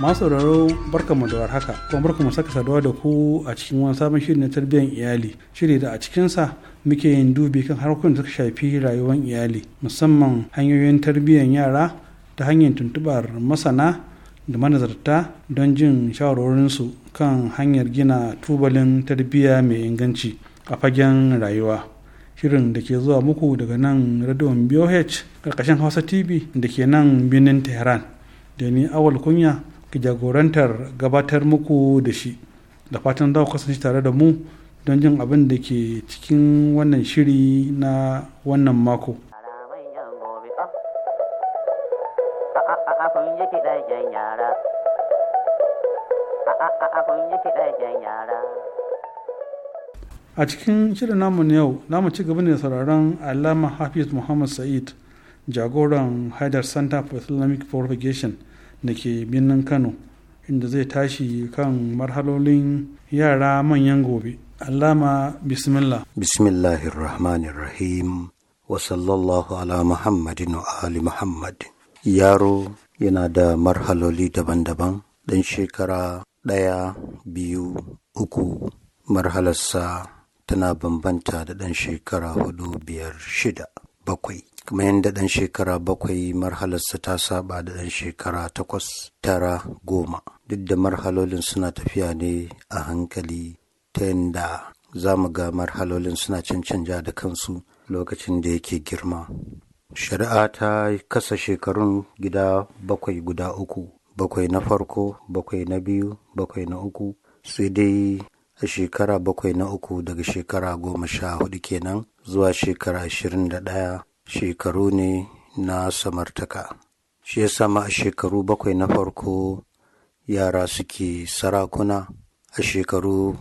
masu sauraro mu da haka kuma barka mu saka saduwa da ku a cikin wani sabon shiri na tarbiyyar iyali shiri da a cikinsa muke yin dubi kan harkokin da suka shafi rayuwar iyali musamman hanyoyin tarbiyyar yara ta hanyar tuntubar masana da manazarta don jin shawarorinsu kan hanyar gina tubalin tarbiyya mai inganci a fagen rayuwa shirin da ke zuwa muku daga nan radion BOH karkashin Hausa TV da ke nan birnin Tehran da ni awal kunya ke jagorantar gabatar muku da shi da fatan za ku kasance tare da mu don jin abin da ke cikin wannan shiri na wannan mako. yara a cikin shirin namu na yau namu ci gaba ne sauraron alama hafiz muhammad sa'id jagoran haidar center for islamic propagation da ke birnin kano inda zai tashi kan marhalolin yara manyan gobe alama bismillah bismillahirrahmanirrahim wa sallallahu ala muhammadin wa ali muhammad yaro yana da marhaloli daban-daban dan shekara ɗaya biyu uku marhalarsa tana bambanta da ɗan shekara hudu biyar shida bakwai kamar yadda ɗan shekara bakwai marhalarsa ta saba da ɗan shekara takwas tara goma duk da marhalolin suna tafiya ne a hankali ta yadda za mu ga marhalolin suna cancanja da kansu lokacin da yake girma shari'a ta kasa shekarun gida bakwai guda uku bakwai na farko bakwai na biyu bakwai na uku sai dai a shekara bakwai na uku daga shekara goma sha hudu kenan zuwa shekara ashirin da ɗaya shekaru ne na samartaka shi ya sama a shekaru bakwai na farko yara suke sarakuna a shekaru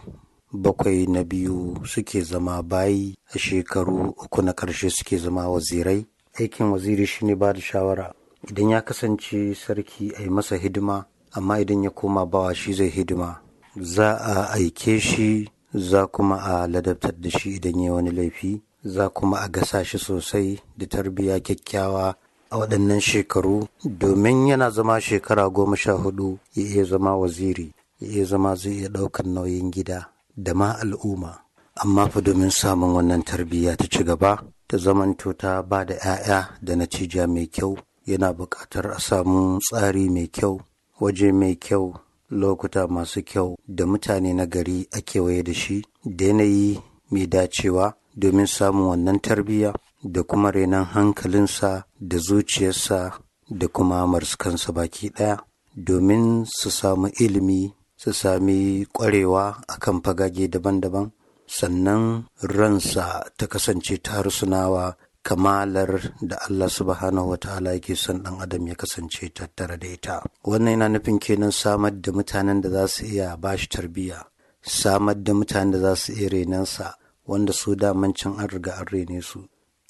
bakwai na biyu suke zama bayi a shekaru uku na ƙarshe suke zama wazirai aikin waziri shine ba da shawara idan ya kasance sarki a yi masa hidima amma idan ya koma bawa shi zai hidima za a aike shi za kuma a ladabtar da shi idan ya wani laifi za kuma a gasa shi sosai da tarbiyya kyakkyawa a waɗannan shekaru domin yana zama shekara goma sha hudu ya iya zama waziri ya iya zama zai iya ɗaukar nauyin gida da ma al'umma amma fa domin samun wannan tarbiyya ta ci gaba ta zaman ta ba da 'ya'ya da natija mai kyau yana buƙatar a samu tsari mai kyau waje mai kyau lokuta masu kyau da mutane na gari a kewaye da shi da yanayi mai dacewa domin samun wannan tarbiyya da kuma renon hankalinsa da zuciyarsa da kuma marskansa baki ɗaya domin su samu ilimi su sami ƙwarewa a kan fagage daban-daban sannan ransa ta kasance ta harsunawa kamalar da Allah subhanahu wa ta'ala yake son ɗan adam ya kasance tattare da ita. Wannan yana nufin kenan samar da mutanen da za su iya ba shi tarbiyya, samar da mutanen da za su iya renensa wanda su daman cin an riga an rene su.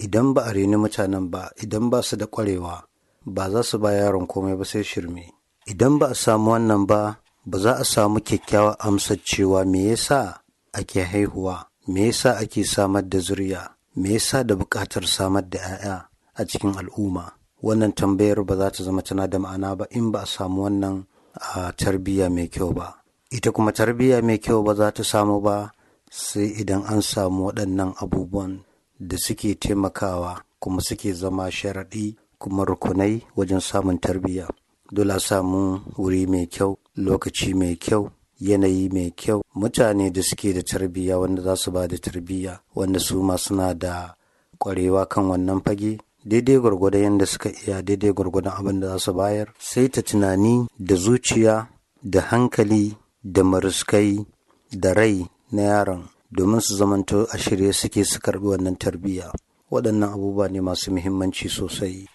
Idan ba a reni mutanen ba, idan ba su da ƙwarewa, ba za su ba yaron komai ba sai shirme. Idan ba a samu wannan ba, ba za a samu kyakkyawar amsar cewa me yasa ake haihuwa, me yasa ake samar da zuriya. me yasa da buƙatar samar da 'ya'ya a cikin al'umma wannan tambayar ba za ta zama tana da ma'ana ba in ba a samu wannan a tarbiyya mai kyau ba ita kuma tarbiyya mai kyau ba za ta samu ba sai idan an samu waɗannan abubuwan da suke taimakawa kuma suke zama sharaɗi kuma rukunai wajen samun tarbiyya dole a samu wuri mai kyau lokaci mai kyau yanayi mai kyau mutane da suke da tarbiya wanda za su ba da tarbiyya wanda su ma suna da kwarewa kan wannan fage daidai gwargwadon yadda suka iya daidai gwargwadon abin da za su bayar sai ta tunani da zuciya da hankali da maruskai da rai na yaron domin su zamanto a shirye suke su karbi wannan tarbiya waɗannan abubuwa ne masu muhimmanci sosai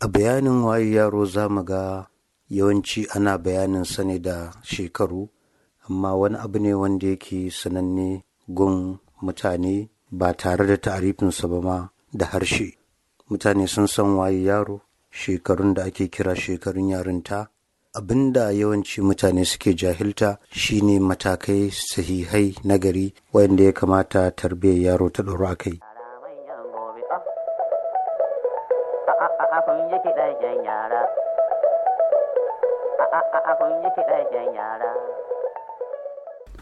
a bayanin waye yaro za mu ga yawanci ana bayanin sa ne da shekaru amma wani abu ne wanda yake sananne gun mutane ba tare da ta'arifinsa ba ma da harshe mutane sun san waye yaro shekarun da ake kira shekarun yarinta abin da yawanci mutane suke jahilta shine matakai sahihai nagari wanda ya kamata tarbiyyar yaro ta ɗoro kai yara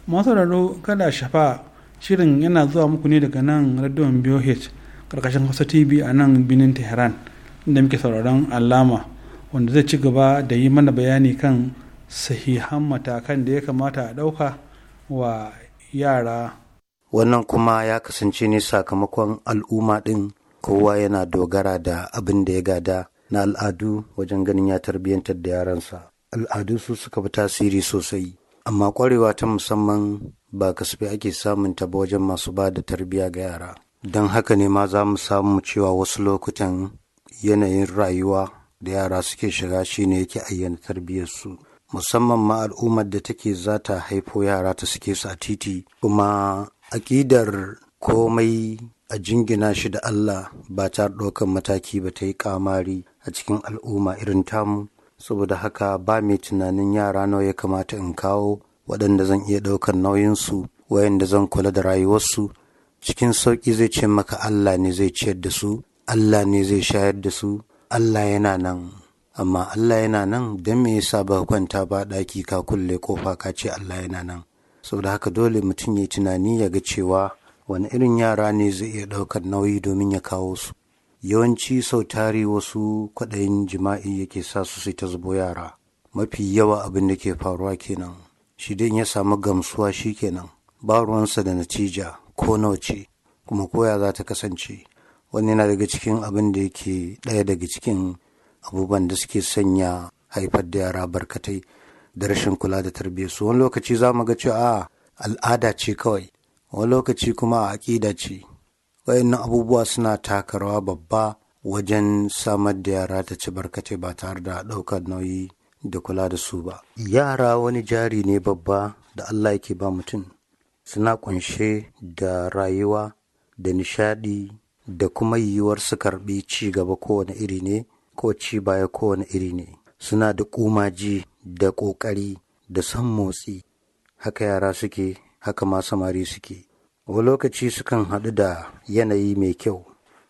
masararo kada shafa shirin yana zuwa muku ne daga nan radion BOH karkashin Hausa TV a nan binin Tehran inda muke sauraron alama wanda zai ci gaba da yi mana bayani kan sahihan matakan da ya kamata a ɗauka wa yara. Wannan kuma ya kasance ne sakamakon al'umma ɗin kowa yana dogara da abin da ya gada na al'adu wajen ganin ya tarbiyyantar da yaransa. Al'adu su suka bi tasiri sosai. amma ƙwarewa ta musamman ba kasafai ake samun ta ba wajen masu ba da tarbiyya ga yara don haka ne ma za mu samu cewa wasu lokutan yanayin rayuwa da yara suke shiga shine yake ayyana tarbiyyarsu musamman ma al'ummar da take za ta haifo yara ta suke su a titi kuma aƙidar komai a jingina shi da Allah ba ta ɗaukan mataki ba ta yi kamari a cikin al'umma irin tamu saboda haka ba mai tunanin yara nawa ya kamata in kawo waɗanda zan iya ɗaukar nauyinsu wayanda zan kula da rayuwarsu cikin sauƙi zai ce maka Allah ne zai ciyar da su Allah ne zai shayar da su Allah yana nan amma Allah yana nan don me yasa ba kwanta ba ɗaki ka kulle kofa ka ce Allah yana nan saboda haka dole mutum ya tunani ya ga cewa wani irin yara ne zai iya ɗaukar nauyi domin ya kawo su yawanci sau tari wasu kwaɗayin jima'i yake sa su sai ta zubo yara mafi yawa abin da ke faruwa kenan shi dai ya samu gamsuwa shi kenan ba ruwansa da natija ko nawa ce kuma koya za ta kasance wani yana daga cikin abin da yake ɗaya daga cikin abubuwan da suke sanya haifar da yara barkatai da rashin kula da tarbiyyar su wani lokaci za mu ga cewa al'ada ce kawai wani lokaci kuma a aƙida ce wayannan abubuwa suna taka rawa babba wajen samar da yara ta ci barkatai ba tare da ɗaukar nauyi da kula da su ba. Yara wani jari ne babba da Allah yake ba mutum, suna kunshe da rayuwa da nishaɗi da kuma yiwuwar su karɓi ci gaba kowane iri ne ko ci baya kowane iri ne. Suna da ƙumaji da ƙoƙari da son motsi, haka yara suke, haka ma samari suke. wa lokaci sukan haɗu da yanayi mai kyau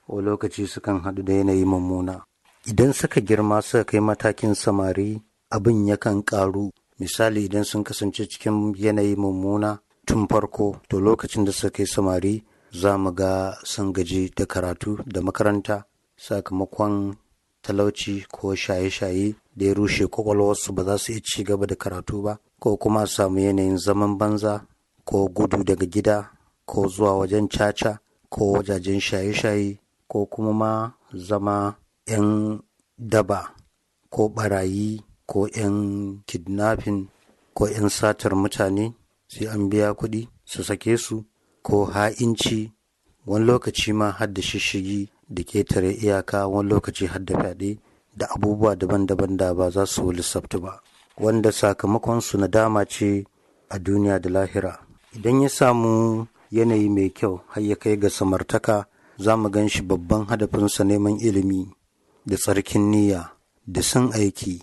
wa lokaci sukan haɗu da yanayi mummuna idan suka girma suka kai matakin samari abin yakan ƙaru misali idan sun kasance cikin yanayi mummuna tun farko to lokacin da suka kai samari za mu ga sun gaji da karatu da makaranta sakamakon talauci ko shaye-shaye da ya rushe kwakwalwarsu ba za su iya ci gaba da karatu ba ko kuma samu yanayin zaman banza ko gudu daga gida ko zuwa wajen caca ko wajajen shaye-shaye ko kuma ma zama 'yan daba ko barayi ko 'yan kidnapping ko 'yan satar mutane sai an biya kuɗi su sake su ko ha'inci wani lokaci ma har shishigi da ketare iyaka wani lokaci har fyaɗe da abubuwa daban-daban da ba za su lissafta ba wanda sakamakonsu nadama ce a duniya da lahira idan ya samu yanayi mai kyau har ya kai ga samartaka za mu gan shi babban hadafinsa neman ilimi da tsarkin niyya da san aiki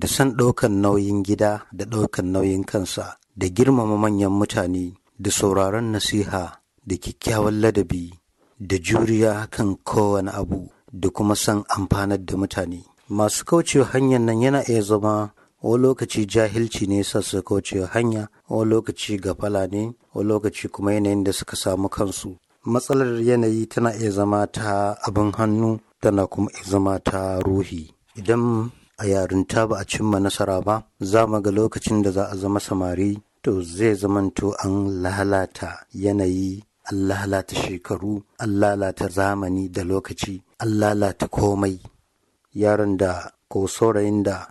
da san ɗaukan nauyin gida da ɗaukan nauyin kansa da girmama manyan mutane da sauraron nasiha da kyakkyawan ladabi da juriya kan kowane abu da kuma san amfanar da mutane masu kaucewa hanyar nan yana iya zama o lokaci jahilci ne su kaucewa hanya o lokaci gafala ne o lokaci kuma yanayin da suka samu kansu matsalar yanayi tana iya zama ta abin hannu tana kuma iya zama ta ruhi idan a yarinta ba a cimma nasara ba za mu ga lokacin da za a zama samari to zai zamanto an lalata yanayi an lalata shekaru an lalata zamani da lokaci an lalata komai yaron da ko saurayin da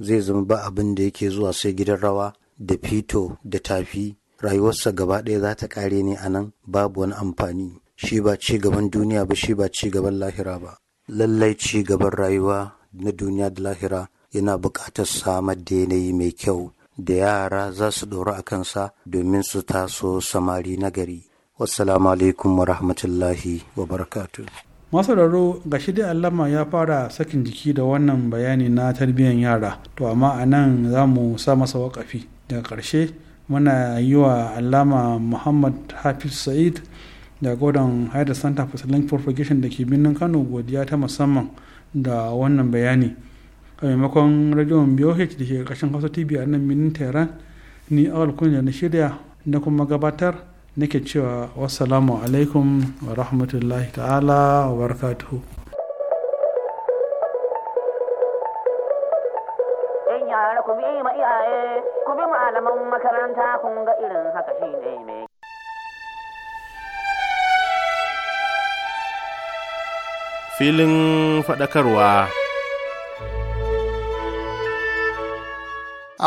zai zama ba abin da yake zuwa sai gidan rawa da fito da tafi rayuwarsa gaba ɗaya za ta ƙare ne a nan babu wani amfani shi ba ci gaban duniya ba shi ba ci gaban lahira ba lallai ci gaban rayuwa na duniya da lahira yana buƙatar samar da yanayi mai kyau da yara za su ɗora a kansa domin su taso samari nagari. Wassalamu alaikum wa rahmatullahi wa barakatu. masu raro ga dai allama ya fara sakin jiki da wannan bayani na tarbiyyar yara to amma a nan za mu sa masa wakafi daga ƙarshe muna yi wa allama muhammad hafiz sa'id da gordon haida santa for link propagation da ke birnin kano godiya ta musamman da wannan bayani a maimakon rajon boh da ke ƙarshen hausa tv a nan birnin tehran ni awal kunya na shirya na kuma gabatar nake cewa wasalamu alaikum wa rahmatullahi ta'ala wa barakatuhu iyaye ku malaman makaranta kun irin haka shi mai filin faɗakarwa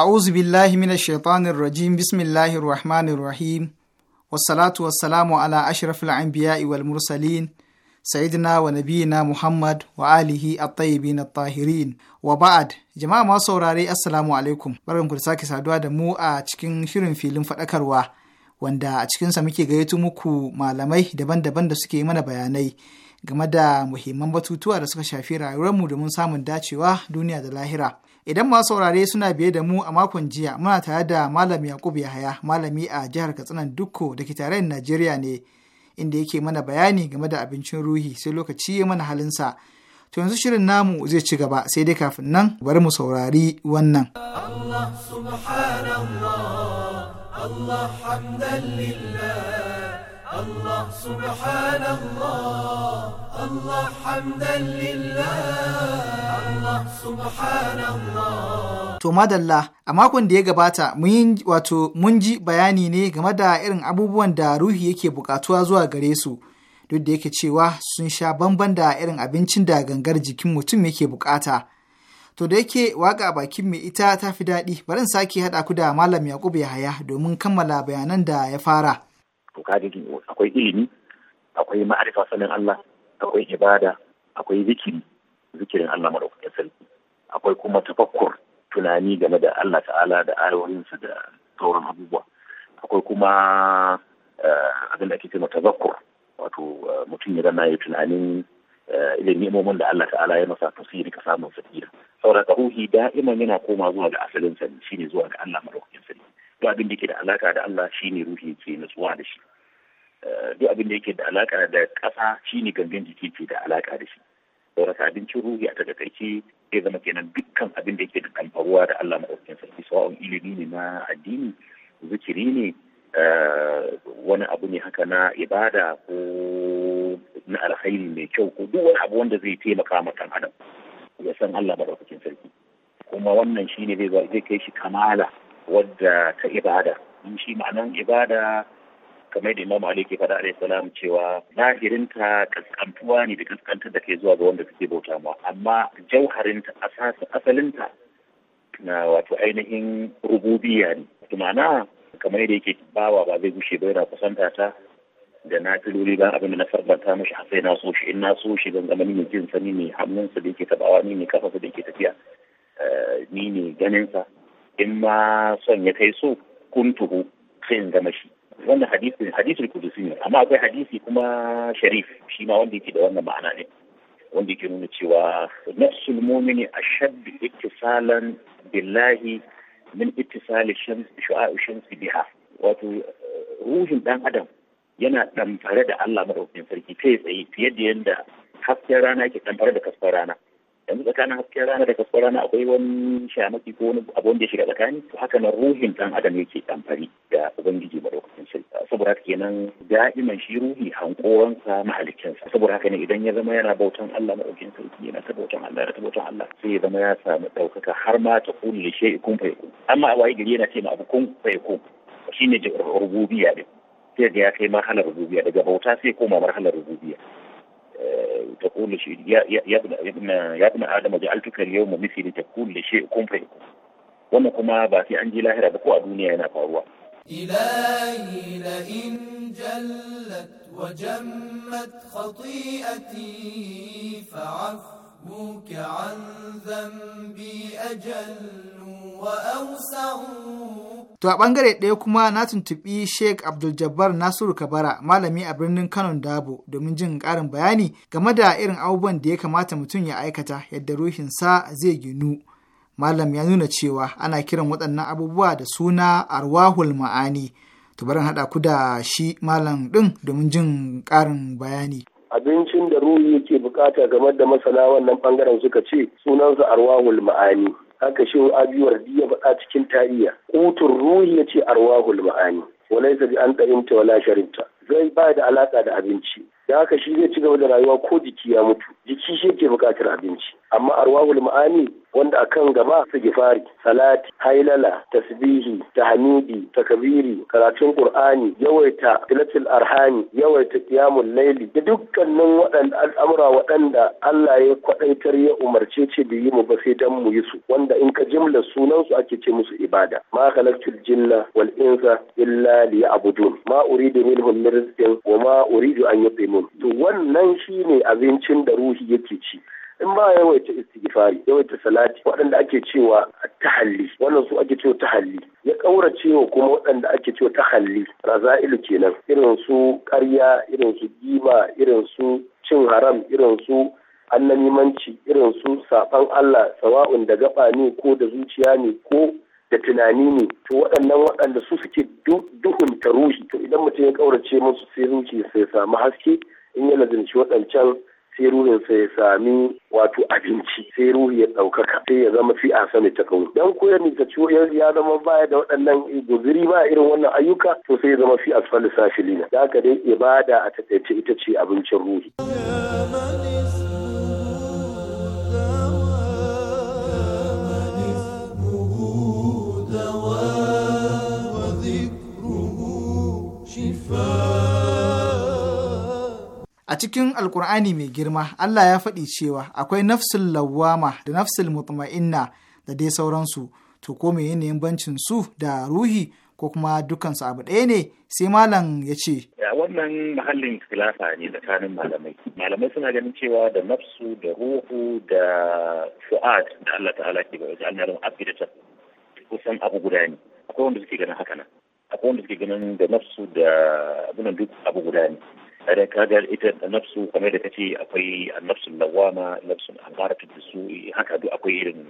a'uzu billahi minash shaitanir rajim bismillahir rahmanir rahim Wasalatu wassalamu ala ashrafil anbiya'i wal mursalin sayyidina wa nabiyina Muhammad wa alihi at-tayyibin at-tahirin wa ba'ad jama'a masu saurare assalamu alaikum ku da sake saduwa da mu a cikin shirin filin faɗakarwa wanda a cikinsa muke gayyato muku malamai daban-daban da suke mana bayanai game da muhimman batutuwa da suka shafi rayuwarmu domin samun dacewa duniya da lahira Idan masu saurare suna biye da mu a makon jiya muna tare da Malam Yakubu Yahaya, malami a jihar Katsina Dukko da ke tarayyar Najeriya ne, inda yake mana bayani game da abincin ruhi sai lokaci ya mana halinsa. To yanzu shirin namu zai ci gaba sai dai kafin nan bari mu saurari wannan. Allah Allah الله سبحان الله الله حمدا لله الله to madalla a makon da ya gabata mun wato mun ji bayani ne game da irin abubuwan da ruhi yake bukatuwa zuwa gare su duk da yake cewa sun sha bamban da irin abincin da gangar jikin mutum yake bukata to da yake waka bakin mai ita ta fi daɗi bari sake haɗa ku da malam yakubu yahaya domin kammala bayanan da ya fara to ji akwai ilimi akwai ma'arifa sanin Allah akwai ibada akwai zikiri zikirin Allah madaukakin sarki akwai kuma tafakkur tunani game da Allah ta'ala da ayoyinsa da sauran abubuwa akwai kuma eh, abin da ake cewa tazakkur wato eh, mutum ya zama ya tunanin eh, ilimin nemomin da Allah ta'ala ya masa tasiri sai ya samun satira saboda ruhi da'iman yana koma zuwa ga asalin sa shine zuwa ga Allah madaukakin sarki duk abin da yake da alaka da Allah shine ruhi ke nutsuwa da shi eh, duk abin da yake da alaka da ƙasa shine gangan jiki ke da alaka da shi saboda abincin ruhi a takaice zai zama kenan dukkan abin da yake da kamfaruwa da Allah madaukakin sarki sawa'un ilimi ne na addini zikiri ne eh, wani abu ne haka na ibada ko na alkhairi mai kyau ko duk wani abu wanda zai taimaka ma kan adam ya san Allah madaukakin sarki kuma wannan shine zai zai kai shi kamala wadda ta ibada in shi ma'anan ibada kamar da imam ali ke faɗa alaihi salam cewa lahirinta kaskantuwa ne da kaskantar da ke zuwa ga wanda suke bauta mu. amma jauharinta asalinta na wato ainihin rububiya ne wato ma'ana kamar yadda yake bawa ba zai gushe ba yana kusanta ta da na filoli ban abin da na farbanta mashi sai na so shi in na so shi zan zama ni jin sani ne hannunsa da yake tabawa ni ne kafarsa da yake tafiya eh, ni ne ganinsa in ma son ya kai so kuntuhu sai in shi wannan hadisin hadisul kudusi ne amma akwai hadisi kuma sharif shi ma wanda yake da wannan ma'ana ne wanda yake nuna cewa nafsul mu'mini ashadd ittisalan billahi min ittisali shams shu'a'u shamsi biha wato ruhin dan adam yana damfare da Allah madaukakin sarki kai tsaye fiye da yadda hasken rana ke damfare da kaskar rana yanzu tsakanin hasken rana da kasuwar rana akwai wani shamaki ko wani abu wanda ya shiga tsakani haka nan ruhin dan adam yake amfani da ubangiji madaukakin sarki saboda haka kenan da'iman shi ruhi hankoransa mahalikinsa saboda haka ne idan ya zama yana bautan Allah madaukakin sarki yana ta bautan Allah yana ta bautan Allah sai ya zama ya samu ɗaukaka har ma ta kulli shay'in kun fa amma a waye gari yana ce ma abu kun fa shine rububiya ne sai ga ya kai marhalar rububiya daga bauta sai koma marhalar rububiya تقول لشيء يا يا ابن يا ابن يا ابن ادم جعلتك اليوم مثلي لتكون لشيء كن فيكون وانا كما باتي عندي an ji lahira ba ko a إلهي لئن جلت وجمت خطيئتي فعفو عفوك عن ذنبي أجل وأوسع To a ɓangare ɗaya kuma na tuntuɓi Sheikh Abdul-Jabbar Nasiru Kabara malami a birnin Kano Dabo domin jin ƙarin bayani game da irin abubuwan da ya kamata mutum ya aikata yadda ruhinsa zai ginu. Malam ya nuna cewa ana kiran waɗannan abubuwa da suna arwahul ma'ani. To barin haɗa ku da shi malam ɗin domin jin ƙarin bayani. Abincin da ruhi yake bukata game da masana wannan bangaren suka ce sunansa arwahul ma'ani haka shi abiyuwar ya faɗa cikin tariya kutun ruhi ya ce arwahul ma'ani walaisa sabi an ɗarinta wala sharinta zai ba da alaƙa da abinci da haka shi zai ci gaba da rayuwa ko jiki ya mutu jiki shi yake bukatar abinci amma arwahul ma'ani wanda a kan gaba su gifari salati hailala tasbihi tahmidi kabiri, karatun qur'ani yawaita tilatul arhani yawaita qiyamul laili da dukkanin waɗanda al'amura waɗanda Allah ya kwadaitar ya umarce ce da yi mu ba sai dan mu yi su wanda in ka jimla sunan su ake ce musu ibada ma khalaqtul jinna wal insa illa liya'budun ma uridu minhum min rizqin wa ma uridu an yut'imun to wannan shine abincin da ruhi yake ci in ba yawaita istighfari yawaita salati waɗanda ake cewa tahalli wannan su ake cewa tahalli ya ƙaurace wa kuma waɗanda ake cewa tahalli razailu kenan irin su ƙarya irin su giba irin su cin haram irin su annamimanci irin su saɓan Allah sawa'un da gaba ne ko da zuciya ne ko da tunani ne to waɗannan waɗanda su suke duhun ta ruhi to idan mutum ya ƙaurace musu sai zuciya sai samu haske in ya lazimci waɗancan sai sa ya sami wato abinci sai ruhi ya ɗaukaka sai ya zama fi a sani ta kauni dan koyar ni ta ciwo ya zama baya da waɗannan eh, guziri ba irin wannan ayyuka to sai ya zama fi asfali safilina da haka dai ibada a taƙaice ita ce abincin ruhi. A cikin Alkur'ani mai girma, Allah ya faɗi cewa akwai nafsul lawwama da nafsul mutma'inna da dai sauransu, to ko me yanayin bancin su da ruhi ko kuma dukansu abu ɗaya ne sai malam ya ce. Wannan mahallin khilafa ne tsakanin malamai. Malamai suna ganin cewa da nafsu da ruhu da fu'ad da Allah ta'ala ke ba wajen annarin abidata kusan abu guda ne. Akwai wanda suke ganin haka nan. Akwai wanda suke ganin da nafsu da abunan duk abu guda ne. da kaga ita da nafsu kamar da kace akwai annafsul lawama nafsul amaratu bisu haka duk akwai irin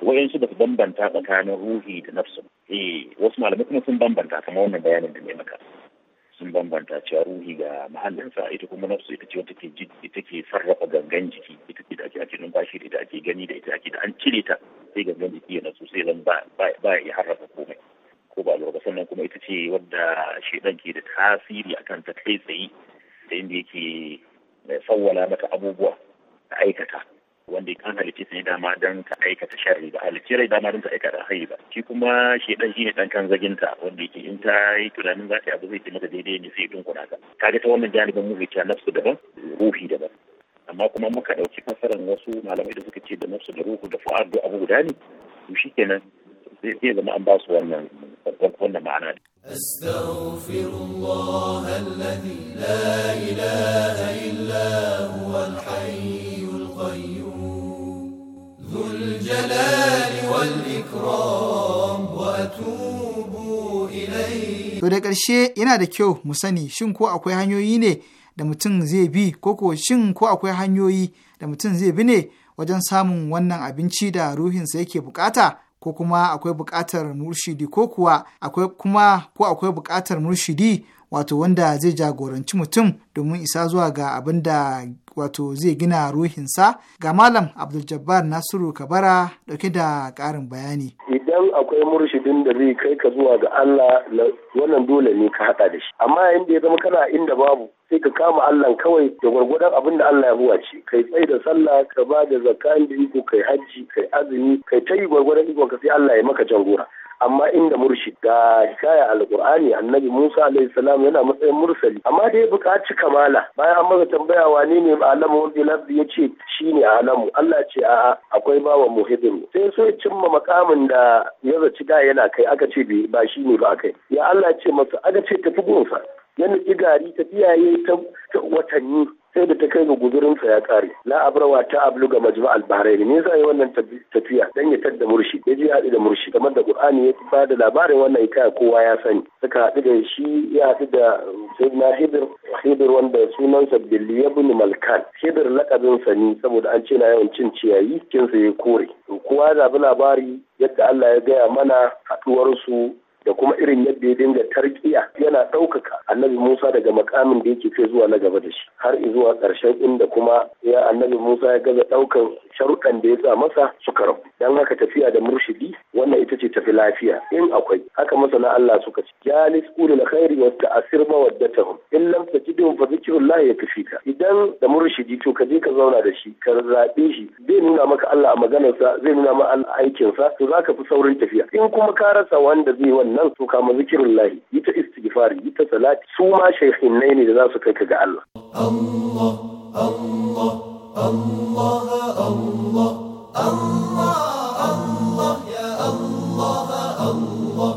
wayan su ba su bambanta tsakanin ruhi da nafsu eh wasu malamai kuma sun bambanta kamar wannan bayanin da ne maka sun bambanta cewa ruhi ga mahallinsa ita kuma nafsu ita ce wata ita ke sarrafa gangan jiki ita ce da ake ake numfashi da ita ake gani da ita ake da an cire ta sai gangan jiki ya nasu sai zan ba ya harrafa komai ko ba lura sannan kuma ita ce wadda shaidan ke da tasiri akan ta kai tsaye da inda yake eh, sawwala maka abubuwa ta aikata wanda an halicci ne dama don ta aikata sharri ba halicci rai dama don ta aikata hari ba shi kuma shi dan shi ne dan kan zaginta wanda yake in ta yi tunanin za ta abu zai ce mata daidai ne sai dunkuna ka kaga ta wannan janibin mu ta nafsu daban ruhi daban amma kuma muka ɗauki fasarar wasu malamai da suka ce da nafsu da ruhu da fu'ad abu guda ne to shikenan zai zama an ba su wannan wannan ma'ana أستغفر الله الذي لا إله إلا هو الحي القيوم ذو الجلال والإكرام وأتوب إليه To da ƙarshe yana da kyau mu sani shin ko akwai hanyoyi ne da mutum zai bi ko ko shin ko akwai hanyoyi da mutum zai bi ne wajen samun wannan abinci da ruhinsa yake bukata ko kuma akwai buƙatar murshidi ko kuwa akwai kuma ko akwai buƙatar murshidi wato wanda zai jagoranci mutum domin isa zuwa ga abin da wato zai gina ruhinsa ga malam abdul-jabbar nasiru kabara dauke da ƙarin bayani idan akwai murshidin da zai kai ka zuwa ga allah wannan dole ne ka haɗa da shi amma inda ya zama kana inda babu sai ka kama Allah kawai da gwargwadon abin da Allah ya buwa ce kai tsaye da sallah ka ba da zakka da iko kai hajji kai azumi kai ta yi gwargwadon iko ka sai Allah ya maka gora amma inda murshid da hikaya alqur'ani annabi Musa alayhi salam yana matsayin mursali amma da ya buƙaci kamala bayan an masa tambaya wane ne alamu wanda ya yace shine alamu Allah ce a akwai bawa muhibin sai so ya cimma makamin da ya zaci da yana kai aka ce ba shi ne ba kai ya Allah ce masa aka ce tafi gonsa ya nufi gari ta ya ta watanni sai da ta kai ga guzurinsa ya kare la abrawa ta ablu ga majma albarai ne yasa yi wannan tafiya dan ya tadda murshi ya ji haɗu da murshi kamar da qur'ani ya ba da labarin wannan ita kowa ya sani suka haɗu da shi ya haɗu da sayyidina hidir hidir wanda sunansa billi ibn malkan hidir lakabin sani saboda an ce na yawan cin ciyayi kinsa ya kore kowa ya zabi labari yadda Allah ya gaya mana haɗuwarsu da kuma irin yadda ya dinga tarkiya yana ɗaukaka annabi Musa daga makamin da yake kai zuwa na gaba da shi har zuwa ƙarshen inda kuma ya annabi Musa ya gaza ɗaukan sharuɗan da ya sa masa suka rabu dan haka tafiya da murshidi wannan ita ce tafi lafiya in akwai haka masana Allah suka ce jalis ulul khairi wa ta'sir mawaddatahum in lam tajidhum fa zikrullah yakfika idan da murshidi to ka je ka zauna da shi ka zabe shi zai nuna maka Allah a maganarsa zai nuna ma Allah aikinsa to zaka fi saurin tafiya in kuma ka rasa wanda zai wannan nan su kama zikirin lahi yi ta istighfari yi ta salati su ma shehinai ne da za su kai ka ga Allah. Allah Allah Allah Allah Allah Allah ya Allah Allah.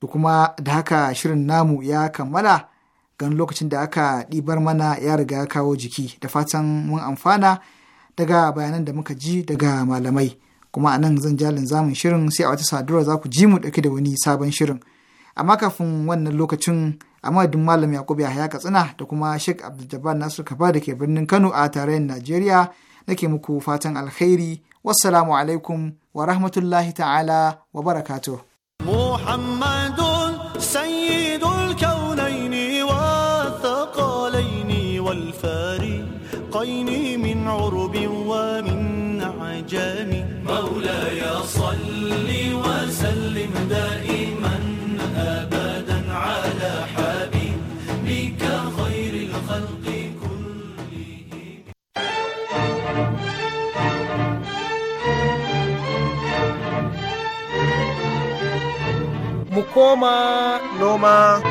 Da kuma da haka shirin namu ya kammala gan lokacin da aka ɗibar mana ya riga kawo jiki da fatan mun amfana daga bayanan da muka ji daga malamai. kuma a nan zan jalin zamun shirin sai a wata saduwar za ku ji mu ɗauke da wani sabon shirin amma kafin wannan lokacin a madadin malam yakubu yahaya katsina da kuma sheik abdul nasir kaba da ke birnin kano a tarayyar najeriya nake muku fatan alkhairi wassalamu alaikum wa rahmatullahi ta'ala wa barakatuh muhammadun sayyidul فصل وسلم دائما أبدا على حبيبك خير الخلق كلهم مكوما نوما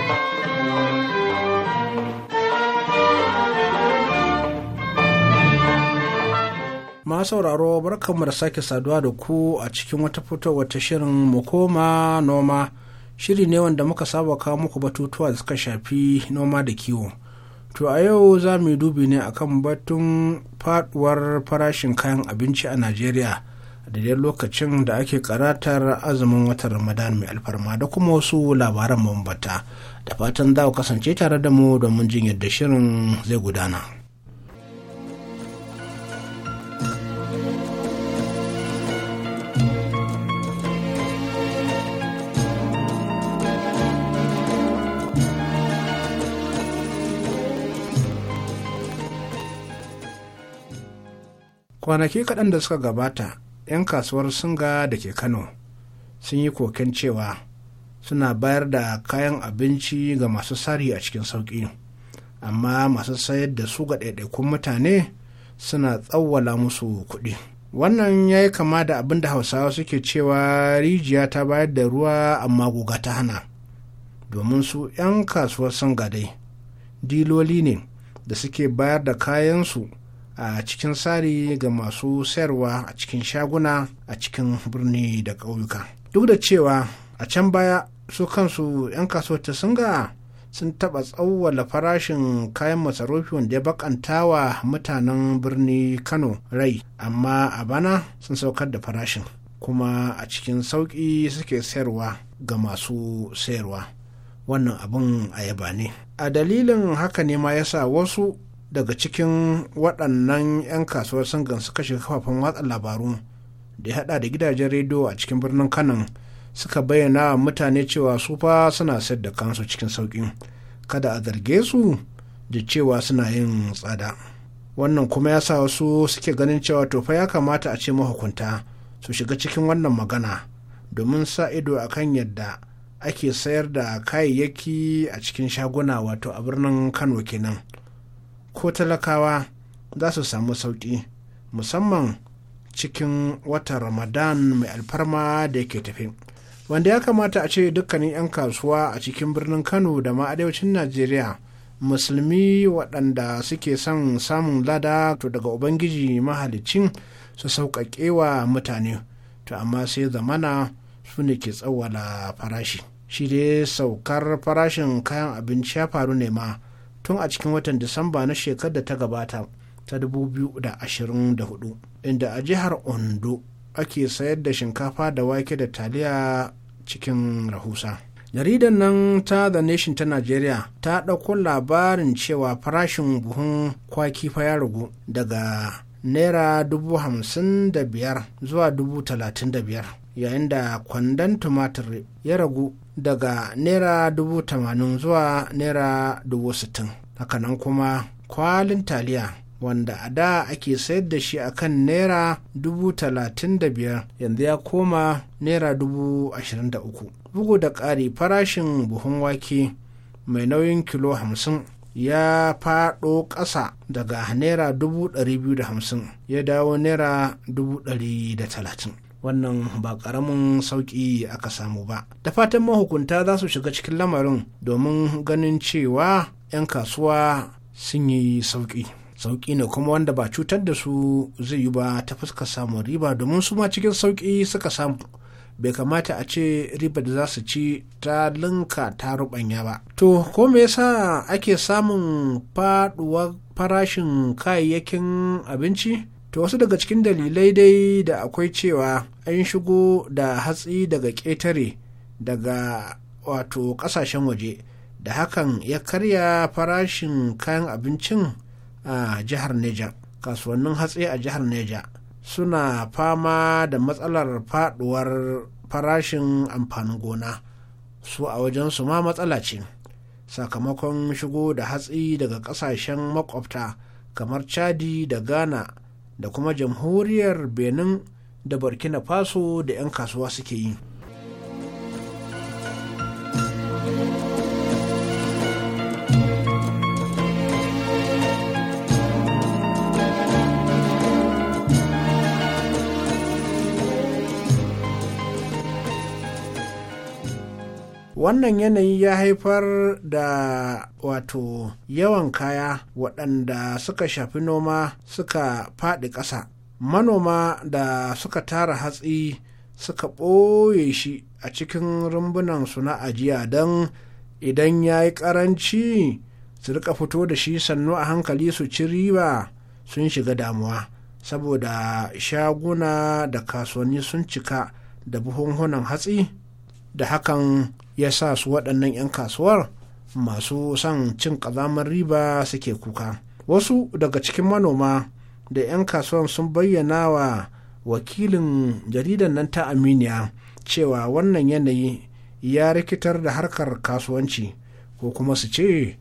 ma sauraro barkanmu da sake saduwa da ku a cikin wata fitowar ta shirin mu koma noma shiri ne wanda muka saba kawo muku batutuwa da suka shafi noma da kiwo to a yau za mu yi dubi ne akan batun faduwar farashin kayan abinci a najeriya da dai lokacin da ake karatar azumin watan ramadan mai alfarma da kuma wasu labaran mambata da fatan za ku kasance tare da mu domin jin yadda shirin zai gudana. kwanaki kaɗan da suka gabata 'yan kasuwar singa da ke kano sun yi koken cewa suna bayar da kayan abinci ga masu sari a cikin sauƙi amma masu sayar da su ga ɗaiɗaikun mutane suna tsawwala musu kuɗi wannan ya yi kama da abin da hausawa suke cewa rijiya ta bayar da ruwa amma guga ta hana domin su 'yan kasuwar sun gadai diloli ne da suke bayar da kayansu a cikin tsari ga masu sayarwa a cikin shaguna a cikin birni da ƙauyuka duk da cewa a can baya su kansu 'yan kasuwar ta ga sun taɓa tsawwala farashin kayan masarufi wanda ya bakanta wa mutanen birni kano rai amma a bana sun saukar da farashin kuma a cikin sauƙi suke sayarwa ga masu sayarwa wannan abin a yaba ne a dalilin haka ne ma yasa wasu daga cikin waɗannan 'yan kasuwar sun gansu kashe kafafen watsa labaru da ya haɗa da gidajen rediyo a cikin birnin Kano, suka bayyana mutane cewa su fa suna sayar da kansu cikin sauƙi kada a zarge su da cewa suna yin tsada wannan kuma ya sa wasu suke ganin cewa tofa ya kamata a ce mahukunta su shiga cikin wannan magana domin sa ido a kan yadda ake sayar da kayayyaki a cikin shaguna wato a birnin kano kenan ko talakawa za su samu sauƙi musamman cikin watan ramadan mai alfarma da yake tafi wanda ya kamata a ce dukkanin 'yan kasuwa a cikin birnin kano da ma arewacin najeriya musulmi waɗanda suke son samun lada to daga ubangiji mahalicin su sauƙaƙe wa mutane to amma sai zamana su ne ke tsawwala farashi shi dai saukar farashin kayan abinci ya faru ne ma tun a cikin watan disamba na shekarar da ta gabata ta 2024 inda a jihar ondo ake sayar da shinkafa da wake da taliya cikin rahusa jaridar nan ta the nation ta Najeriya ta ɗauko labarin cewa farashin buhun kwaki fa ya ragu daga naira dubu hamsin da biyar zuwa dubu talatin da biyar yayin da kwandon tumatir ya ragu daga naira dubu tamanin zuwa naira dubu sittin hakanan kuma kwalin taliya wanda a da ake sayar da shi akan naira dubu talatin da biyar yanzu ya koma naira dubu ashirin da uku bugu da ƙari farashin buhun wake mai nauyin kilo hamsin ya faɗo ƙasa daga naira dubu ɗari biyu da hamsin ya dawo naira dubu ɗari da talatin wannan ba ƙaramin sauƙi aka samu ba da fatan mahukunta za su shiga cikin lamarin domin ganin cewa 'yan kasuwa sun yi sauƙi sauƙi ne kuma wanda ba cutar da su zai yi ba ta fuskar samun riba domin su ma cikin sauƙi suka samu bai kamata a ce riba da za su ci ta linka ta rubanya ba. To, ko me yasa ake samun faɗuwar farashin kayayyakin abinci? to wasu daga cikin dalilai dai da akwai cewa an shigo da hatsi daga ƙetare daga wato ƙasashen waje da hakan ya karya farashin kayan abincin a jihar Neja. kasuwannin hatsi a jihar Neja suna fama da matsalar faɗuwar farashin amfanin gona su a wajensu ma matsala ce sakamakon shigo da hatsi daga ƙasashen makwabta kamar chadi da ghana da kuma jamhuriyar benin da burkina faso da 'yan kasuwa suke yi wannan yanayi ya haifar da wato yawan kaya waɗanda suka shafi noma suka faɗi ƙasa manoma da suka tara hatsi suka ɓoye shi a cikin rumbunan su na ajiya don idan ya yi ƙaranci su rika fito da shi sannu a hankali su ci riba sun shiga damuwa saboda shaguna da kasuwanni sun cika da buhunhunan hatsi da hakan ya sa su waɗannan 'yan kasuwar masu son cin ƙazamar riba suke kuka wasu daga cikin manoma da 'yan kasuwar sun bayyana wa wakilin jaridar nan ta aminiya cewa wannan yanayi ya rikitar da harkar kasuwanci ko kuma su ce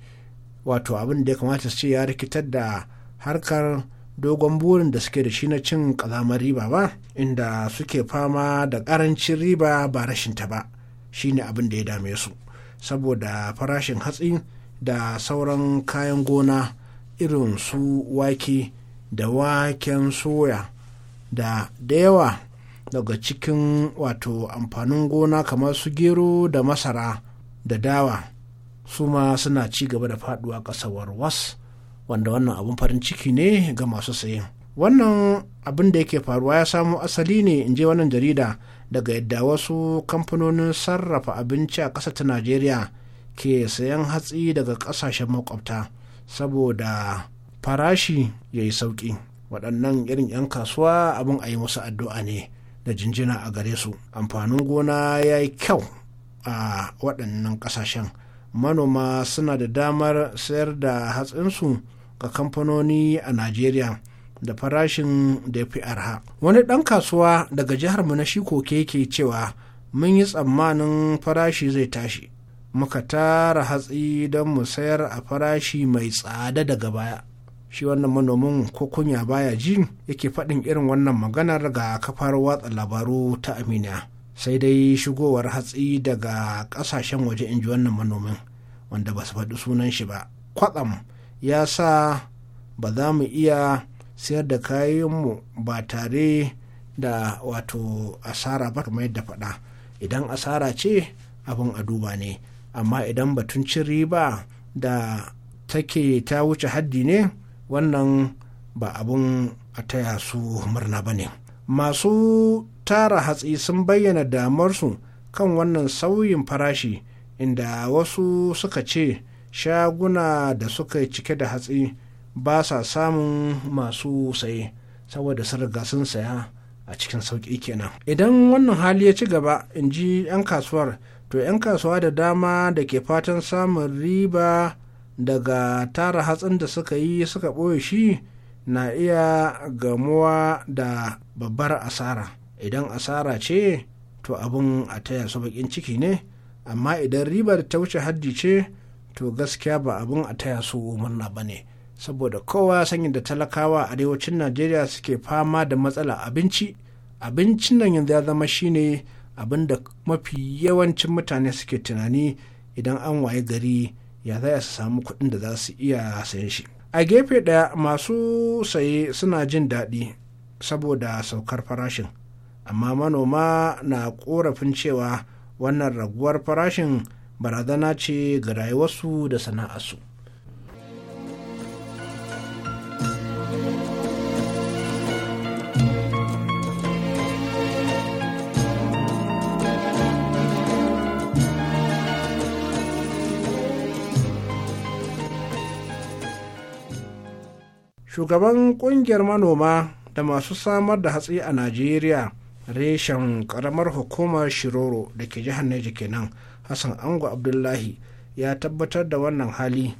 wato abin da ya kamata su ce ya rikitar da harkar dogon burin da suke da shi na cin ƙazamar riba ba inda suke fama da ƙarancin riba ba rashinta ba shine abin da ya dame su saboda farashin hatsi da sauran kayan gona irin su wake da waken soya da da yawa daga cikin wato amfanin gona kamar su gero da masara da dawa su ma suna ci gaba da faduwa kasawar warwas wanda wannan abin farin ciki ne ga masu sayen wannan abin da yake faruwa ya samo asali ne in je wannan jarida daga yadda wasu kamfanonin sarrafa abinci a ƙasar ta najeriya ke sayan hatsi daga ƙasashen makwabta saboda farashi ya yi sauƙi waɗannan irin 'yan kasuwa abin a yi musu addu'a ne da jinjina a gare su amfanin gona ya yi kyau a waɗannan ƙasashen manoma suna da damar sayar da hatsinsu ga kamfanoni a najeriya da farashin da ya fi arha wani ɗan kasuwa daga jihar mu na shikoke ke cewa mun yi tsammanin farashi zai tashi muka tara hatsi don mu sayar a farashi mai tsada daga baya shi wannan manomin ko kunya baya ji yake faɗin irin wannan maganar ga kafar watsa labaru ta aminiya sai dai shigowar hatsi daga ƙasashen waje in ji wannan manomin wanda ba su faɗi sunan shi ba kwatsam ya sa ba za mu iya sayar da kayanmu ba tare da wato asara ba kamar yadda faɗa idan asara ce abin a duba ne amma idan batun cin riba da take ta wuce haddi ne wannan ba abin a taya su murna ba ne masu tara hatsi sun bayyana damarsu kan wannan sauyin farashi inda wasu suka ce shaguna da suka cike da hatsi ba sa samun masu saye saboda sun riga sun saya a cikin sauƙi kenan idan wannan hali ya ci gaba in ji 'yan kasuwar to 'yan kasuwa da dama da ke fatan samun riba daga tara hatsin da suka yi suka ɓoye shi na iya gamuwa da babbar asara idan asara ce to abin a taya su baƙin ciki ne amma idan ribar ta wuce haddi ce to gaskiya ba abin a taya su murna ba ne saboda kowa sanyin da talakawa a arewacin najeriya suke fama da matsala abinci abincin nan yanzu ya zama shine abin da mafi yawancin mutane suke tunani idan an waye gari ya za su samu kuɗin da za su iya sayan shi a gefe ɗaya masu saye suna jin daɗi saboda saukar farashin amma manoma na korafin cewa wannan raguwar farashin barazana ce ga rayuwarsu da sana'arsu. shugaban kungiyar manoma da masu samar da hatsi a najeriya reshen karamar hukumar shiroro da ke jihar neja kenan hassan ango abdullahi ya tabbatar da wannan hali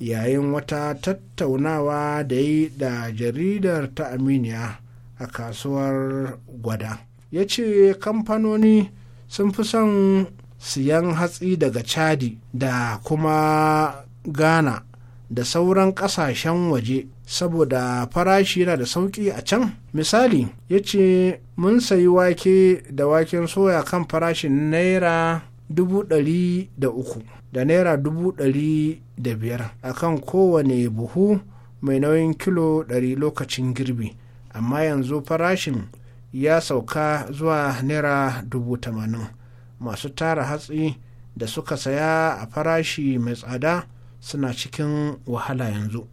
yayin wata tattaunawa da yi da jaridar ta aminiya a kasuwar gwada ya ce kamfanoni sun fi son siyan hatsi daga chadi da kuma ghana da sauran kasashen waje saboda farashi yana da sauƙi a can misali ya ce mun sayi wake da waken soya kan farashin naira dubu ɗari da uku da naira dubu ɗari da biyar a kan kowane buhu mai nauyin kilo ɗari lokacin girbi amma yanzu farashin ya sauka zuwa naira dubu tamanin masu tara hatsi da suka saya a farashi mai tsada suna cikin wahala yanzu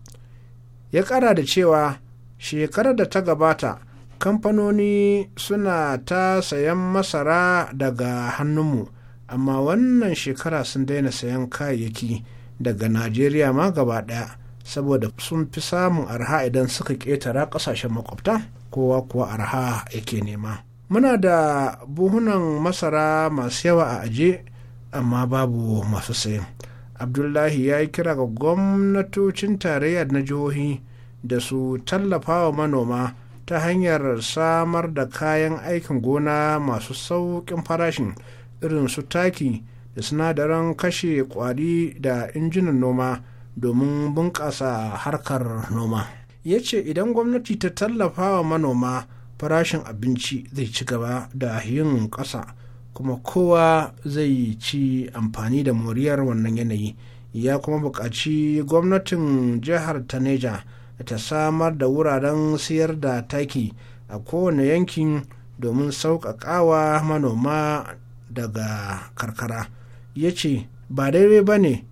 ya kara da cewa shekarar da ta gabata kamfanoni suna ta sayan masara daga hannunmu amma wannan shekara sun daina sayan kayayyaki daga najeriya ma gaba daya saboda sun fi samun arha idan suka ƙetara ƙasashen makwabta kowa kuwa arha yake nema muna da buhunan masara masu yawa a aje amma babu masu sayan abdullahi ya yi kira ga gwamnatocin tarayya na jihohi da su tallafa wa manoma ta hanyar samar da kayan aikin gona masu sauƙin farashin irin su taki da sinadaran kashe kwari da injinan noma domin bunƙasa harkar noma ya ce idan gwamnati ta tallafa wa manoma farashin abinci zai ci gaba da yin ƙasa kuma kowa zai ci amfani da moriyar wannan yanayi ya kuma buƙaci gwamnatin jihar ta ta samar da wuraren siyar da taki a kowane yankin domin sauƙaƙawa manoma daga karkara ya ce ba daidai ba ne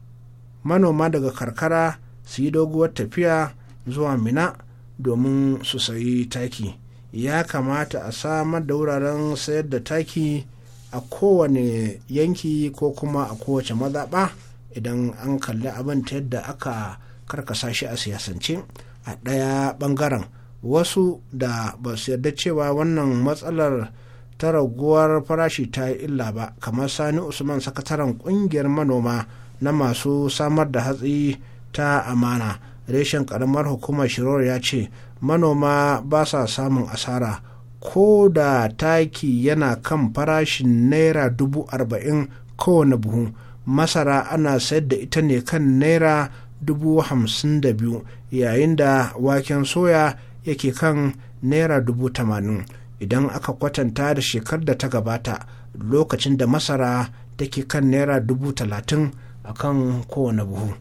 manoma daga karkara su yi doguwar tafiya zuwa mina domin su sayi taki ya kamata a samar da wuraren sayar da taki a kowane yanki ko kuma a kowace mazaɓa idan an kalli abin ta yadda aka karkasa shi a siyasance a ɗaya ɓangaren wasu da ba su yarda cewa wannan matsalar ta raguwar farashi ta yi illa ba kamar sani usman sakataren ƙungiyar manoma na masu samar da hatsi ta amana reshen ƙaramar hukumar shiror ya ce manoma ba sa samun asara ko da taki yana kan farashin naira dubu arba'in kowane buhu masara ana sayar da ita ne kan naira dubu hamsin da biyu yayin da waken soya yake kan naira dubu tamanin idan aka kwatanta da shekar da ta gabata lokacin da masara take kan naira dubu talatin a kan kowane buhu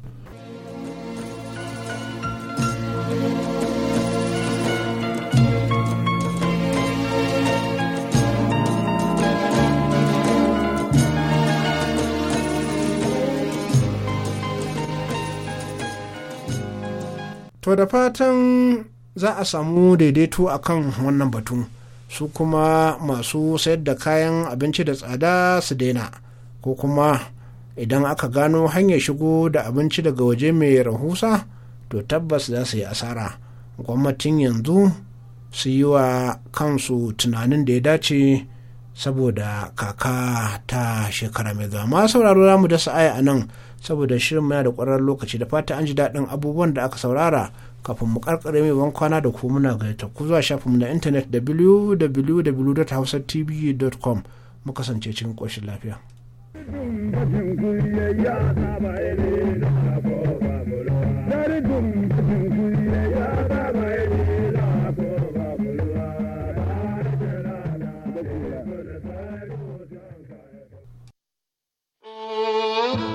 to da fatan za a samu daidaito a kan wannan batu su kuma masu sayar da kayan abinci da tsada su daina ko kuma idan aka gano hanyar shigo da abinci daga waje mai rahusa to tabbas za su yi asara gwamnatin yanzu su yi wa kansu tunanin da ya dace saboda kaka ta shekara mai gama sauraro za mu da sa'aya a nan saboda shirin muna da ƙwararren lokaci da fata an ji daɗin abubuwan da aka saurara kafin mu karkare mai ban kwana da ku muna gaita ku zuwa shafinmu na intanet www.hausatv.com mu kasance cikin ƙoshin lafiya. Thank you.